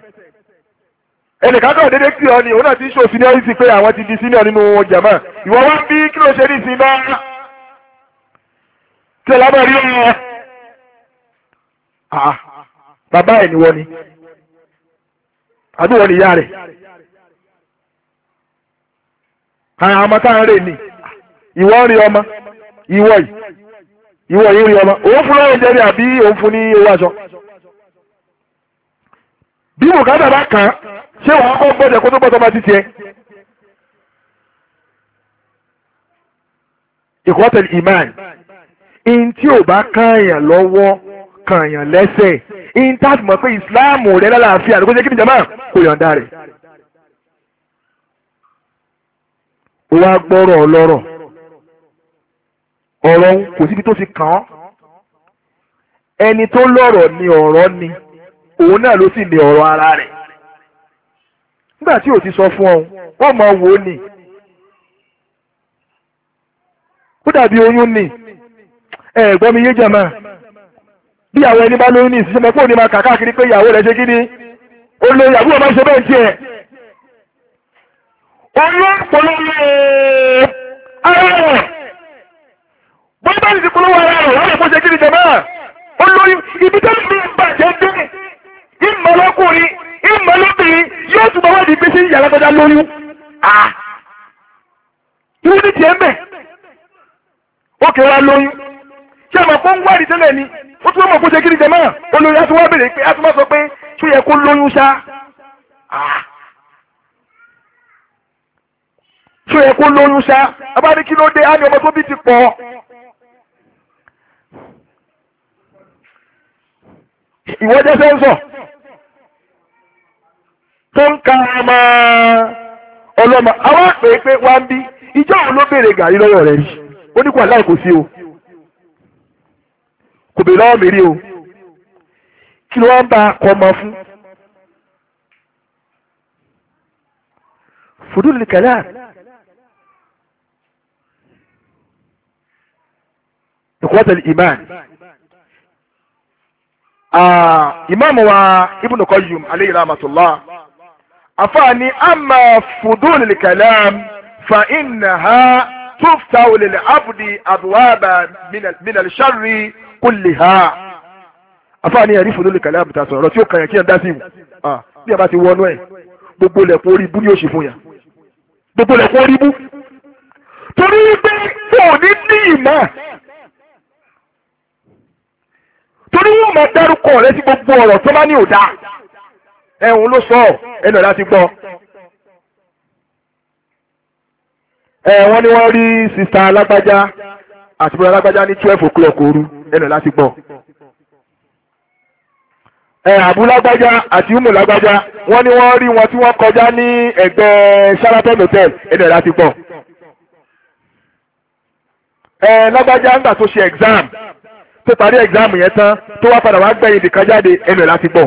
ẹnìkan náà dédé kí ọ ni òun náà ti ń ṣòfin ní ọ́yìsì pé àwọn ti di senior nínú jàmá ìwọ wá ń bí kí ló ṣe ní ìsìn náà tí ẹ lábẹ́ rí ọ̀rọ̀ ah, bàbá ẹ̀ ni wọ́n ni àbí wọ́n ni ìyá rẹ̀ àwọn ọmọ táwọn rè ní ìwọ rí ọmọ ìwọ yìí ìwọ yìí rí ọmọ òun fún lọ́wọ́ jẹ́rìí àbí òun fún ní owó aṣọ bí bùkátà bá kàn ṣé wàá kọ́ gbọ́dọ̀ kó tó bọ́ sọ́mọ́ títí ẹ. ìkọ́tẹ̀lì iman in tí ò bá kààyàn lọ́wọ́ kààyàn lẹ́sẹ̀ in tá a mọ̀ pé ìsìláàmù rẹ̀ lálàáfíà ló kó jẹ́ kí ni jama kò yọ̀ǹda rẹ̀. ó wá gbọ́rọ̀ ọlọ́rọ̀ ọ̀rọ̀ kò síbi tó ti kàn án ẹni tó lọ́rọ̀ ni ọ̀rọ̀ ni. òun náà ló sì ní ọ̀rọ̀ ara rẹ̀ nígbà tí ò ti sọ fún ọ ó mọ wò ó nì ó dàbí oyún nì ẹ gbọ́ mi yé jẹ̀mọ́ bí àwọn ẹni bá lóyún ní ìṣiṣẹ́ ní kà pé ìyàwó rẹ̀ ṣe kí ni ó lè ọmọ ṣe bẹ́ẹ̀ tiẹ̀ oyún polówó ara rẹ̀ bọ́lá bá ti polówó ara rẹ̀ wọ́n ibi tó ń dé. ìmọ̀lọ́kùnrin ìmọ̀lọ́bìnrin yóò túbọ̀ wá di gbèsè ìyàrá gbọ́dá lóyún. irú ní tiẹ̀ mẹ́ ó kẹ́ wa lóyún ṣé ọmọ kó ń wádìí tẹ́lẹ̀ ni ó tún mọ̀ kó ṣe kiri jẹ̀mọ́ olórí á tún wá bèrè pé á tún wá sọ pé ṣó yẹ kó lóyún ṣá. ṣó yẹ kó lóyún ṣá abáni kí ló dé á ní ọmọ tó bí ti pọ̀ ìwọ́jẹ́ sẹ́ńsọ̀. tó ń ọlọma máa ọlọ́mọ àwọn àpè pé wá ń bí ìjọ òun ló béèrè gàrí lọ́wọ́ o kò béèrè lọ́wọ́ o kí ló ń bá akọ ọmọ fún. fudul kalam ikhwatal iman ah, aleyhi àfààní àmà fùdúlì kàlám fa iná ha túfta olèlè abudi abuwaba minalisari kulè ha àfààní ẹ̀rí fùdúlì kàlám ta sọ̀rọ̀ tí ó kàn yẹn kí ẹ̀ dá sí ìwù bí a bá ti wọnú ẹ̀ gbogbo lẹ̀kùn orí ibú ni ó ṣe fún yà gbogbo lẹ̀kùn orí ibú torí pé wọn ní ní ìmọ̀ torí wọn máa dárúkọ rẹ sí gbogbo ọ̀rọ̀ tó bá ní ò dáa ẹ̀hún ló sọ ẹnu ọ̀la ti gbọ́. ẹ wọ́n ní wọ́n rí sista alágbájá àti bọ́lá alágbájá ní twelve o'clock òru ẹnu ọ̀la ti gbọ́. ẹ àbú lágbájá àti umu lágbájá wọ́n ní wọ́n rí wọn tí wọ́n kọjá ní ẹ̀gbẹ́ Sheraton hotel ẹnu ọ̀la ti gbọ́. ẹ lágbájá ńgbà tó ṣe exam tó parí exam yẹn tán tó wá padà wá gbẹ̀yìn ìdìkan jáde ẹnu ọ̀la gbọ́.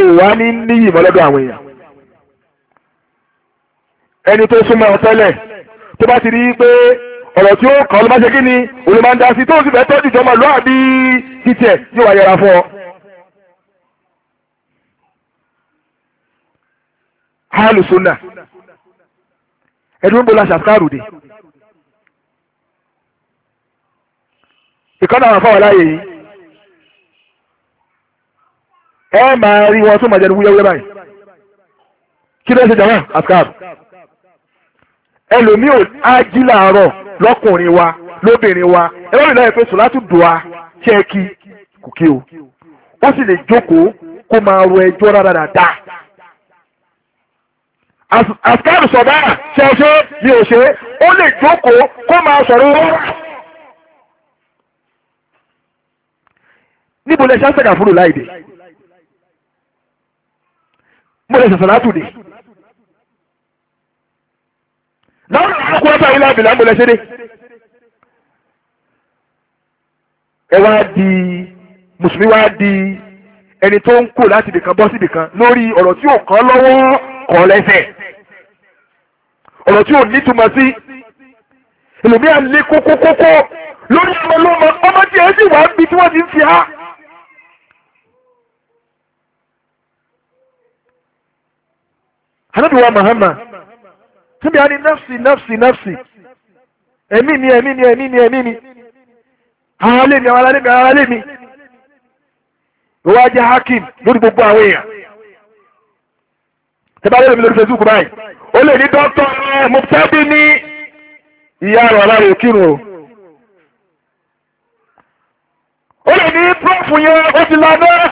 òwá ní níyì mọ́lọ́dọ̀ àwọn èèyàn ẹni tó súnmọ́ ọ tó bá ti rí pé ọ̀rọ̀ tí ó kàn ló máa ṣe kí ni òun tó sì fẹ́ tọ́jú ìjọba lọ́wọ́ àbí títí ẹ̀ yóò wá yẹra fún ọ. hálù ṣàfikàrù dé ẹ máa rí wọn tó máa jẹnu wúyẹ́wúyẹ́ báyìí kí ló ń ṣe jàmá askar ẹlòmíì ò ájí làárọ̀ lọ́kùnrin wa lóbìnrin wa ẹ wọ́n lè láyé pé sùlátù dùá ṣẹ́ẹ̀kì kò kí o ó sì lè jókòó kó máa ro ẹjọ́ rárá dáadáa askar sọ̀dá ṣe ṣe ni ò ṣe ó lè jókòó kó máa sọ̀rọ̀ wọ́n. níbo lẹ ṣe ń sẹ̀dá láìdè mo lè ṣẹ̀ṣẹ̀ látù dé láwọn àkókò ọ̀tá ilé àbìlà mo lè dé ẹ wá di mùsùlùmí wá di ẹni tó ń kó láti ibìkan bọ́ sí ibìkan lórí ọ̀rọ̀ tí ò kàn lọ́wọ́ kọ́ lẹ́sẹ̀ ọ̀rọ̀ tí ò nítumọ̀ sí ẹlòmíràn lé kókókókó lórí ọmọ lọ́mọ ẹ sì wá ń bi tí wọ́n ti ń fi há. anabi wa mahama síbi a ní nafsi nafsi nafsi ẹ̀mí ni ẹ̀mí ni ẹ̀mí ni ẹ̀mí ni àwọn alẹ́ mi àwọn alẹ́ mi àwọn alẹ́ mi ló wá jẹ́ hakim lórí gbogbo àwọn èèyàn tẹ́bá lẹ́nu mi lórí facebook báyìí ó lè ní dọ́tọ̀ mọ̀tẹ́bí ní ìyá rẹ̀ aláàrẹ̀ òkìrùn o ó lè ní prọ́fù yẹn ó ti lọ náà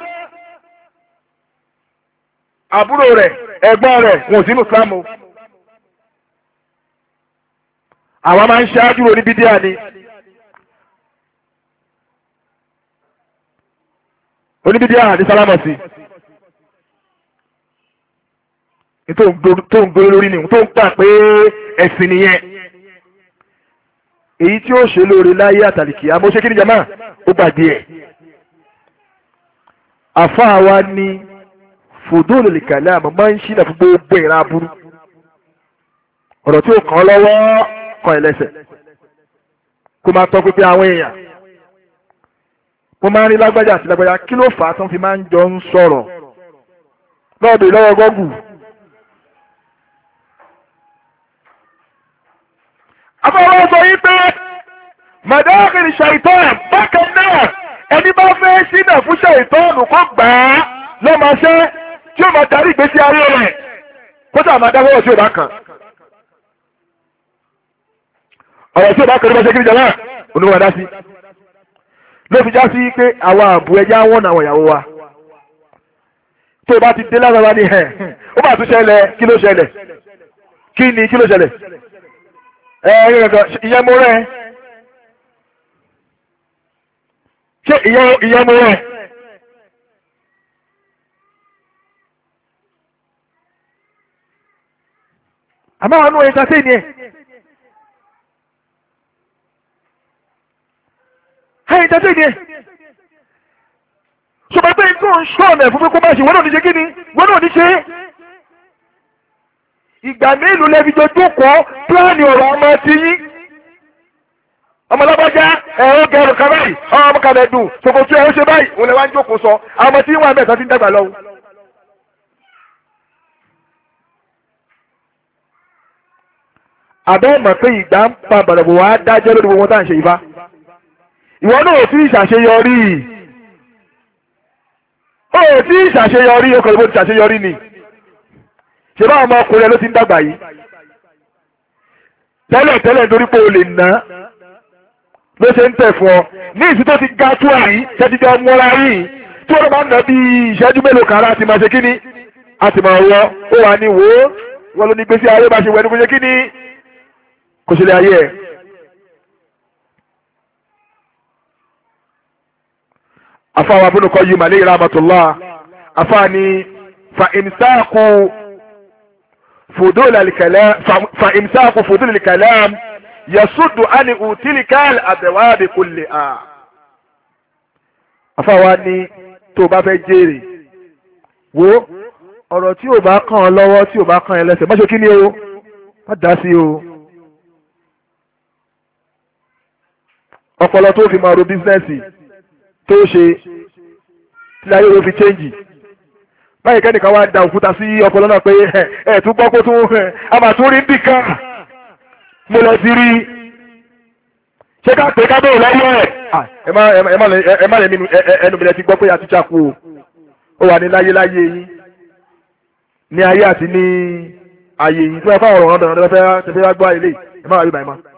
àbúrò rẹ̀ ẹ̀gbọ́n rẹ̀ wọn ò sínú islam o. àwa máa ń ṣáájú ro ní bídíà ni. oníbídíà ní sálámọ̀ sí. tó ń gbé lórí nìyẹn tó ń gbà pé ẹ̀sìn nìyẹn èyí tí ó ṣe lóore láyé àtàlìkì àmọ́ ṣé kí ni jama ó gbàgbé ẹ̀ àfáà wa ni fòdóòlù lè kàlẹ́ àmọ́ máa ń ṣí ìdàpọ̀ gbogbo ìran aburú ọ̀rọ̀ tí ó kàn lọ́wọ́ kan ẹlẹ́sẹ̀ kó máa tọ́ pípé àwọn èèyàn mo máa ń rí lágbájá àti lágbájá kí ló fà á tán fi máa ń jọ ń sọ̀rọ̀ lọ́ọ̀dọ̀ lọ́wọ́ gọ́gù afọwọ́ sọ yí pé madagascar ṣàìtọ́n bákan náà ẹni bá fẹ́ sínà fún ṣàìtọ́n kó gbà á lọ́mọṣẹ́. tí ó ma darí ìgbésí ayé rẹ̀ kó sáà máa dáwọ́ ọ̀sẹ̀ òbá kan. ọ̀rọ̀ tí òbá kan ló bá ṣe kí ni jọba dá sí. ló fi já sí pé àwa àbú ẹja wọ́n ìyàwó wa. tó o bá ti dé lára ni ẹ̀ ó bá tún ṣẹlẹ̀ kí ló ṣẹlẹ̀ kí ni kí ló ṣẹlẹ̀. àmọ́ àwọn ọmọ ìta sẹ́yìn ẹ̀ ẹ̀yìn ìta sẹ́yìn ẹ̀ ṣùgbọ́n pé nǹkan ń ṣọ́ ọ̀nà ẹ̀fún pé kó bá ṣe wọ́n náà ní ṣe kí ni wọ́n náà ní ṣe ìgbà mélòó lẹ́bi jọ jókòó pílánì ọ̀rọ̀ ọmọ ti yín ọmọ lọ́bọ́já ẹ̀rọ gẹ̀rù kan ọmọ kan ṣòkòtò ẹ̀rọ ṣe báyìí òun lè wá ń jókòó sọ àwọn ọmọ tí wọ́n àmì ti ń dàgbà lọ́wọ́. àbẹ́ mọ̀ pé ìgbà ń pa bàdàbò wá dájọ́ lórí gbogbo tá à ń ṣe ìfá ìwọ náà ò tí ì ṣàṣeyọrí ò tí ì ṣàṣeyọrí ó kọ̀ ló ti ṣàṣeyọrí ni ṣe bá ọmọ ọkùnrin ẹ ló ti ń dàgbà yìí tẹ́lẹ̀ tẹ́lẹ̀ nítorí pé o lè ná ló ṣe ń tẹ̀ fún ọ ní ìsìn tó ti ga tó àrí ṣẹ́dídẹ́ ọmọra rí tí wọ́n bá ń ná bí ìṣẹ́jú mélòó kan láti máa ṣe kíní àti máa wọ́ ó wà ní wò ó wọ́n ló ní gbèsè ayé bá ṣe wẹ̀ ní fún ṣe kíní kó sílé ayé ẹ̀ afáwọn abúlùkọ yìí màlẹ́ rahmatullah afáàní fa imsaaku fudul al-kalam fa imsaaku fudul al-kalam yasudu ani utilikal abewabi kulli a. afáwa ni tó o bá fẹ́ jèrè wo ọ̀rọ̀ tí o bá kàn ọ́ lọ́wọ́ tí o bá kàn ẹ́ lẹ́sẹ̀ má ṣe kí ni o má dá sí o. ọpọlọ tó fi máa ro bísínẹ́sì tó ṣe tí ayé wo fi chẹ́ǹjì báyìí kẹ́nìkan wá da òkúta sí ọpọlọ náà pé ẹ ẹ tún gbọ́ kó tún ẹ àmàtún rí nìkan mo lọ sí rí ṣé ká pé ká bẹ̀rẹ̀ lọ́wọ́ ẹ̀ ẹ má lè mí ẹnu mi lẹ ti gbọ́ pé àti chakú o ó wà ní láyé láyé yín ní ayé àti ní ayé yín tí wọ́n fáwọn ọ̀rọ̀ ọ̀dọ̀ ọ̀dọ̀ fẹ́ fẹ́ wá gbọ́ ilé ẹ má wà bí bàyìí mọ́.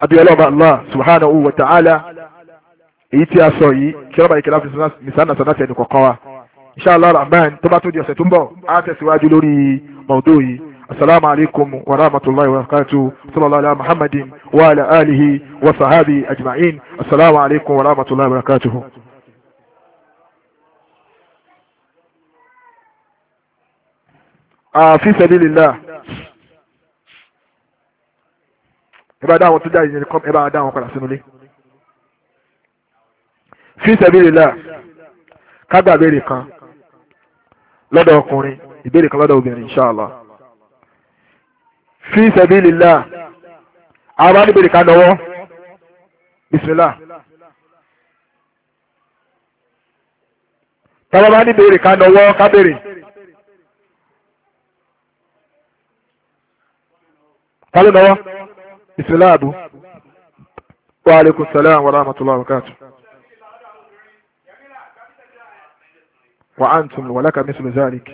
abiyalọba allah subhanahu wa ta'ala èyí tí a sọ yìí kí ọlọ́ba ìkẹlẹ́ àfihàn nìsánà sọ̀dá tẹ̀ nìkọ̀kọ́ wa inshallah rahman tó bá tó di ọ̀sẹ̀ tó ń bọ̀ á tẹ̀síwájú lórí mọ̀ọ́dọ́ yìí السلام عليكم ورحمة الله وبركاته صلى الله على محمد وعلى آله وصحابه أجمعين السلام عليكم ورحمة الله وبركاته آه في سبيل الله ẹ bá àwọn tó jáde yẹn kọ́ ẹ àwọn padà sínú ilé. fi sabilillah kágbà béèrè kan lọ́dọ̀ ọkùnrin ìbéèrè kan lọ́dọ̀ obìnrin inshallah. fi sabilillah àwọn bá níbèrè kan lọ́wọ́ bismillah. tọ́lá bá ní béèrè ká lọ́wọ́ ká béèrè. lọ́wọ́ ìsìláàbù wa alaikum salaam wa rahmatullahi wa barakatuh wa antum wa laka mislu zalik.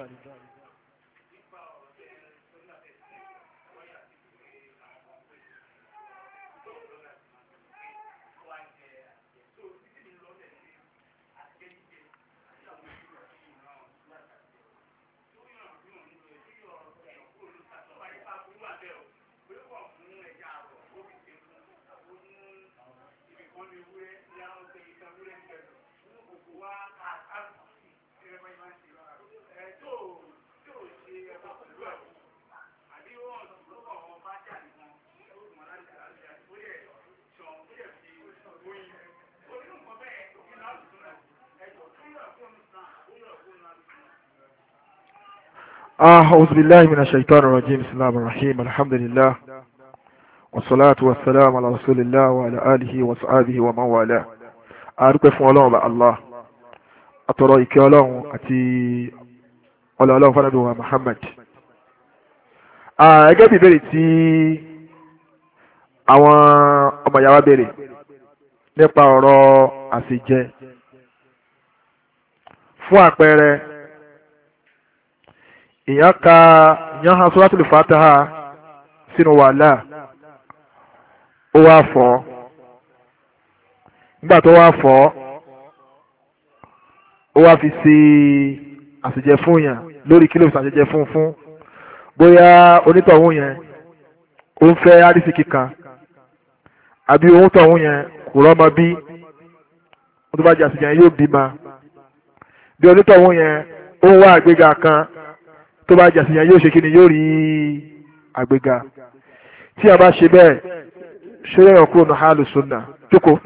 أعوذ بالله من الشيطان الرجيم بسم الله الرحيم الحمد لله والصلاة والسلام على رسول الله وعلى آله وصحبه ومن والاه أرقى فولون الله أترى إكيالون أتي ولا الله فندوها محمد أجاب بيري تي àwọn ọmọ yàrá béèrè nípa ọ̀rọ̀ àṣejẹ èèyàn ka èèyàn ha suratul fataha sínú wàhálà ó wá fọ́ nígbà tó wá fọ́ ó wá fi ṣe àṣejẹ fún yẹn lórí kílò ṣàṣejẹ fún fún bóyá onítọ̀hún yẹn ó ń fẹ́ àdìsí kíkan àbí ohun tọ̀hún yẹn kò rọ́mọ bí wọ́n tó bá jẹ́ àṣejẹ yẹn yóò bímọ bí onítọ̀hún yẹn ó ń wá àgbéga kan tó bá jà sí yẹn yóò ṣe kí ni yóò rí àgbéga tí a bá ṣe bẹ́ẹ̀ ṣe yẹn kúrò ní hálù sunna jókòó.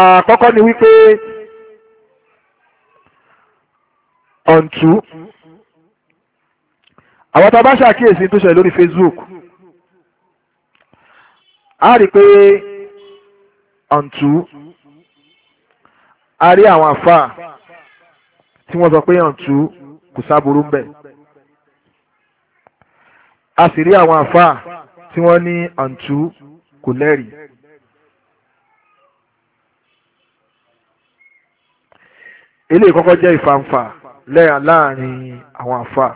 àkọ́kọ́ ni wípé ọ̀ǹtú àwọn tá a bá ṣàkíyèsí tó ṣẹlẹ̀ lórí Facebook a rí pé ọ̀ǹtú a rí àwọn àfáà tí wọ́n sọ pé ọ̀ǹtú kò sáburú ń bẹ̀. a sì rí àwọn àfáà tí wọ́n ní àǹtú kò lẹ́rìí. eléyìí kọ́kọ́ jẹ́ ìfàǹfà lẹ́yà láàrin àwọn àfáà.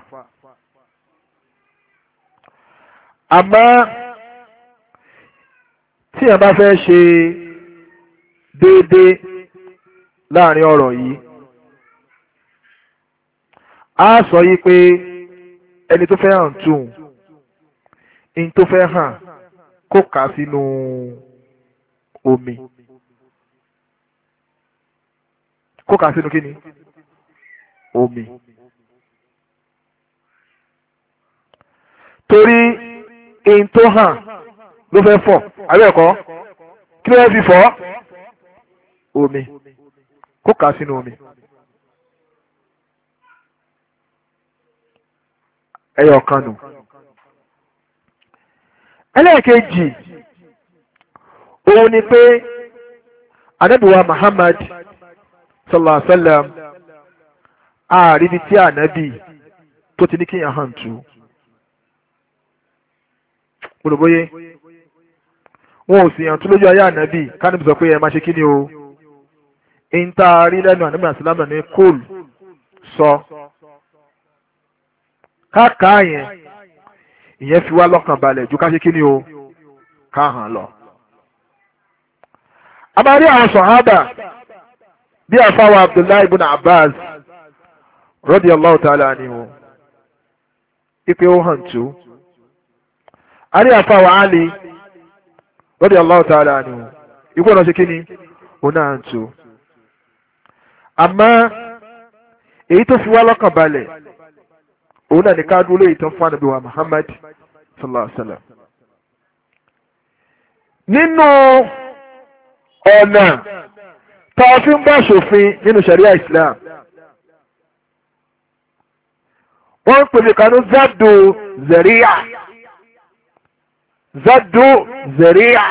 àmọ́ tí bá fẹ́ ṣe déédéé láàrin ọ̀rọ̀ yìí a sọ yí pé ẹni tó fẹ́ hàn tún in tó fẹ́ hàn kó kà á sínú omi kó kà á sínú kíni omi torí in tó hàn ló fẹ́ fọ̀ àbẹ́ẹ̀kọ́ kí ló fẹ́ fi fọ̀ omi kó kà sínú omi. omi. ẹyọ kan nù. ẹlẹ́ẹ̀kejì ni pe anábìwá Muhammad sallallahu alaihi wa sallam ààríbi tí ànábì tó ti ní kíyàn hàn tú olùbóyé wọn ò sì yàn tú lójú ayé sọ sọ káàkà yẹn ìyẹn fi wá lọ́kàn balẹ̀ ju ká ṣe kí ni o ká hàn lọ. a àwọn sọ̀hábà bí àfáwọn Abdullahi ibn Abbas radiyallahu ta'ala anhu ipe ó hàn tó a rí àfáwọn Ali radiyallahu ta'ala anhu ikú ọ̀nà ṣe kí ni ntụ. náà hàn tó àmọ́ èyí tó fi wá lọ́kàn balẹ̀. òun náà ní ká dúró lórí ìtàn fún ànábì wa Muhammad sallallahu alayhi wa sallam. nínú ọ̀nà tá a fi ń bá ṣòfin nínú sharia Islam wọ́n ń pèsè kanú zadu zaria zadu zaria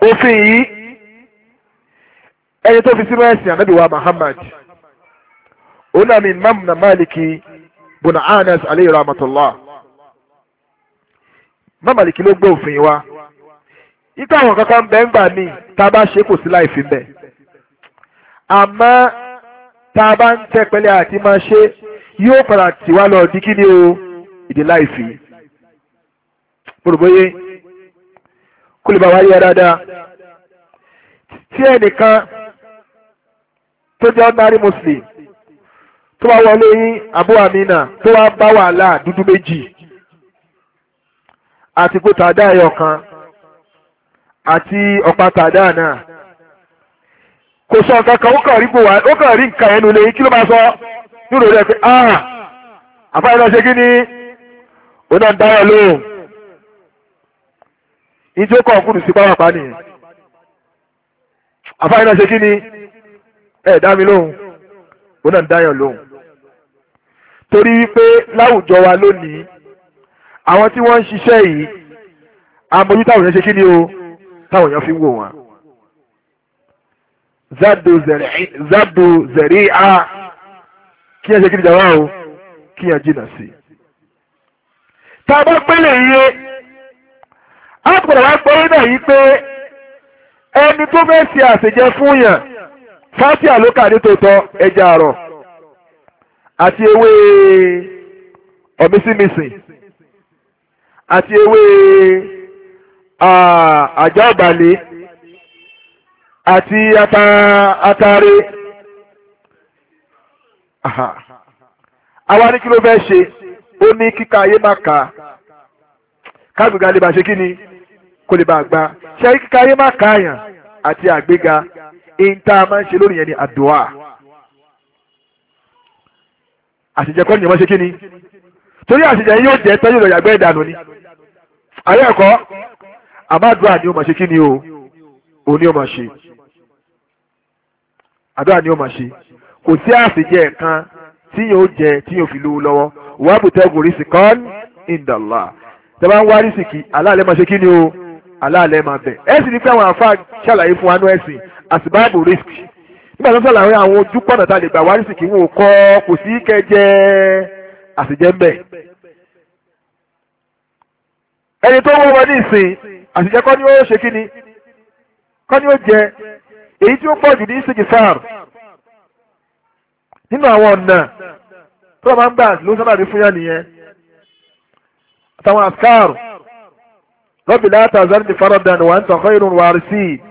òfin yìí ẹni tó fi sínú ẹ̀sìn ànábì wa Muhammad òun náà ní imam na Maliki bùnà anas aleyhi rahmatullah mamaliki ló gbé òfin wa ika àwọn kankan bẹ́ẹ̀ ń gbà mí tá a bá ṣe kò sí láìfi bẹ́ẹ̀ àmọ́ tá a bá ń tẹ́ pẹ́lẹ́ àti máa ṣe yóò padà tì wá lọ di kí o ìdè láìfi gbòdògbòye kó lè bá wá dáadáa tí ẹnìkan tó jẹ́ ordinary muslim tó wá wọlé abu amina tó wá bá wàhálà dúdú méjì àti kó tàdá ẹyọ kan àti ọ̀pá tàdá náà kò sọ nǹkan kan ó kàn rí bò ó kàn rí nǹkan ẹnu lè kí ló máa sọ nínú rẹ pé ah àfáà iná ṣe kí ni ó náà dáyọ lóhùn ìjó kọ̀ fún ìsìn pàápàá nìyẹn àfáà iná ṣe kí ni ẹ̀ dá mi lóhùn ó náà dáyọ lóhùn torí wípé láwùjọ wa lónìí àwọn tí wọ́n ń ṣiṣẹ́ yìí àmójú táwọn èèyàn ṣe kí ni o táwọn èèyàn fi wò wọ́n. zado zẹ̀rí a kí ẹ ṣe kí ni jàmbá o kí ẹ jìnnà sí i. tá a bá pélé iye a gbọ́dọ̀ wá gbọ́ náà yìí pé ẹni tó fẹ́ ṣe àṣejẹ fún yàn fásitì àlókà ní tòótọ́ ẹja àrọ̀ àti ewé ọ̀mísìmísìn àti ewé àjá ọ̀bàlẹ̀ àti atare àwa ní kí ló fẹ́ ṣe ó ní kíka ayé máa kà á kágbègbè alẹ́ bá ṣe kí ni kò lè bá a gbá ṣe kíka ayé máa kà á yàn àti àgbéga ìta ṣe lórí yẹn ní àdúrà àtijọ́ kọ́ nìyẹn wọ́n ṣe kí ni torí àtijọ́ yóò jẹ́ tọ́jú lọ yàgbẹ́ ìdànù ni àyẹ̀ ẹ̀kọ́ àmàdúrà ni ó máa ṣe kí ni o ò ní ó máa ṣe àdúrà ni ó máa ṣe kò sí àtijọ́ ẹ̀kan tí yóò jẹ tí yóò fi lówó lọ́wọ́ wàá bùtẹ́gùn rìsìkọ́n ìndàlá tẹ́lá ń wá rìsìkì aláàlẹ́ máa ṣe kí ni o aláàlẹ́ máa bẹ̀ ẹ sì pé àwọn àfa ṣàlàyé fún wa nú ẹ̀sìn àsìbáàbò rìsìkì nígbà tó sàlàyé àwọn ojú pọ̀nà tá a lè gbà wá rísìkì wò kọ́ kò sí kẹjẹ àṣìjẹ́ ń bẹ̀. ẹni tó wọ́n wọ ní ìsìn àṣìjẹ́ kọ́ ni ó ṣe kí ni kọ́ ni ó jẹ èyí tí ó pọ̀ jù ní ìsìnkì sáàr nínú àwọn ọ̀nà tó máa ń gbà ló sábà rí fún yàn nìyẹn àtàwọn àṣàr lọ́bìlá àtàzánì faradan wà ń tàn kọ́ ìrùn wàrísì.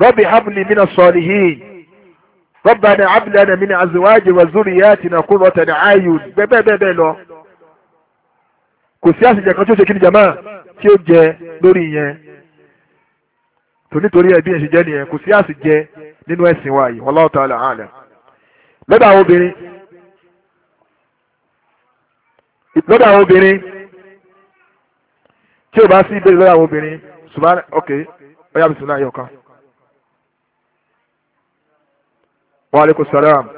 رب هب لي من الصالحين ربنا هب لنا من ازواج وذرياتنا قرة اعين bẹ́ẹ̀ bẹ́ẹ̀ bẹ́ẹ̀ lọ kò sí àṣìjẹ kan tí ó ṣe kíni jama tí ó jẹ lórí yẹn tònítorí ẹbí ẹ̀ ṣe jẹ́ nìyẹn kò sí àṣìjẹ nínú ẹ̀sìn wa yìí wallahu ta'ala a'lam lọ́dọ̀ àwọn obìnrin lọ́dọ̀ àwọn obìnrin tí ò bá sí ìbéèrè lọ́dọ̀ àwọn obìnrin ṣùgbọ́n ok ọ̀yà bìsùn náà yọ̀ kan. Wa alaikum salaam.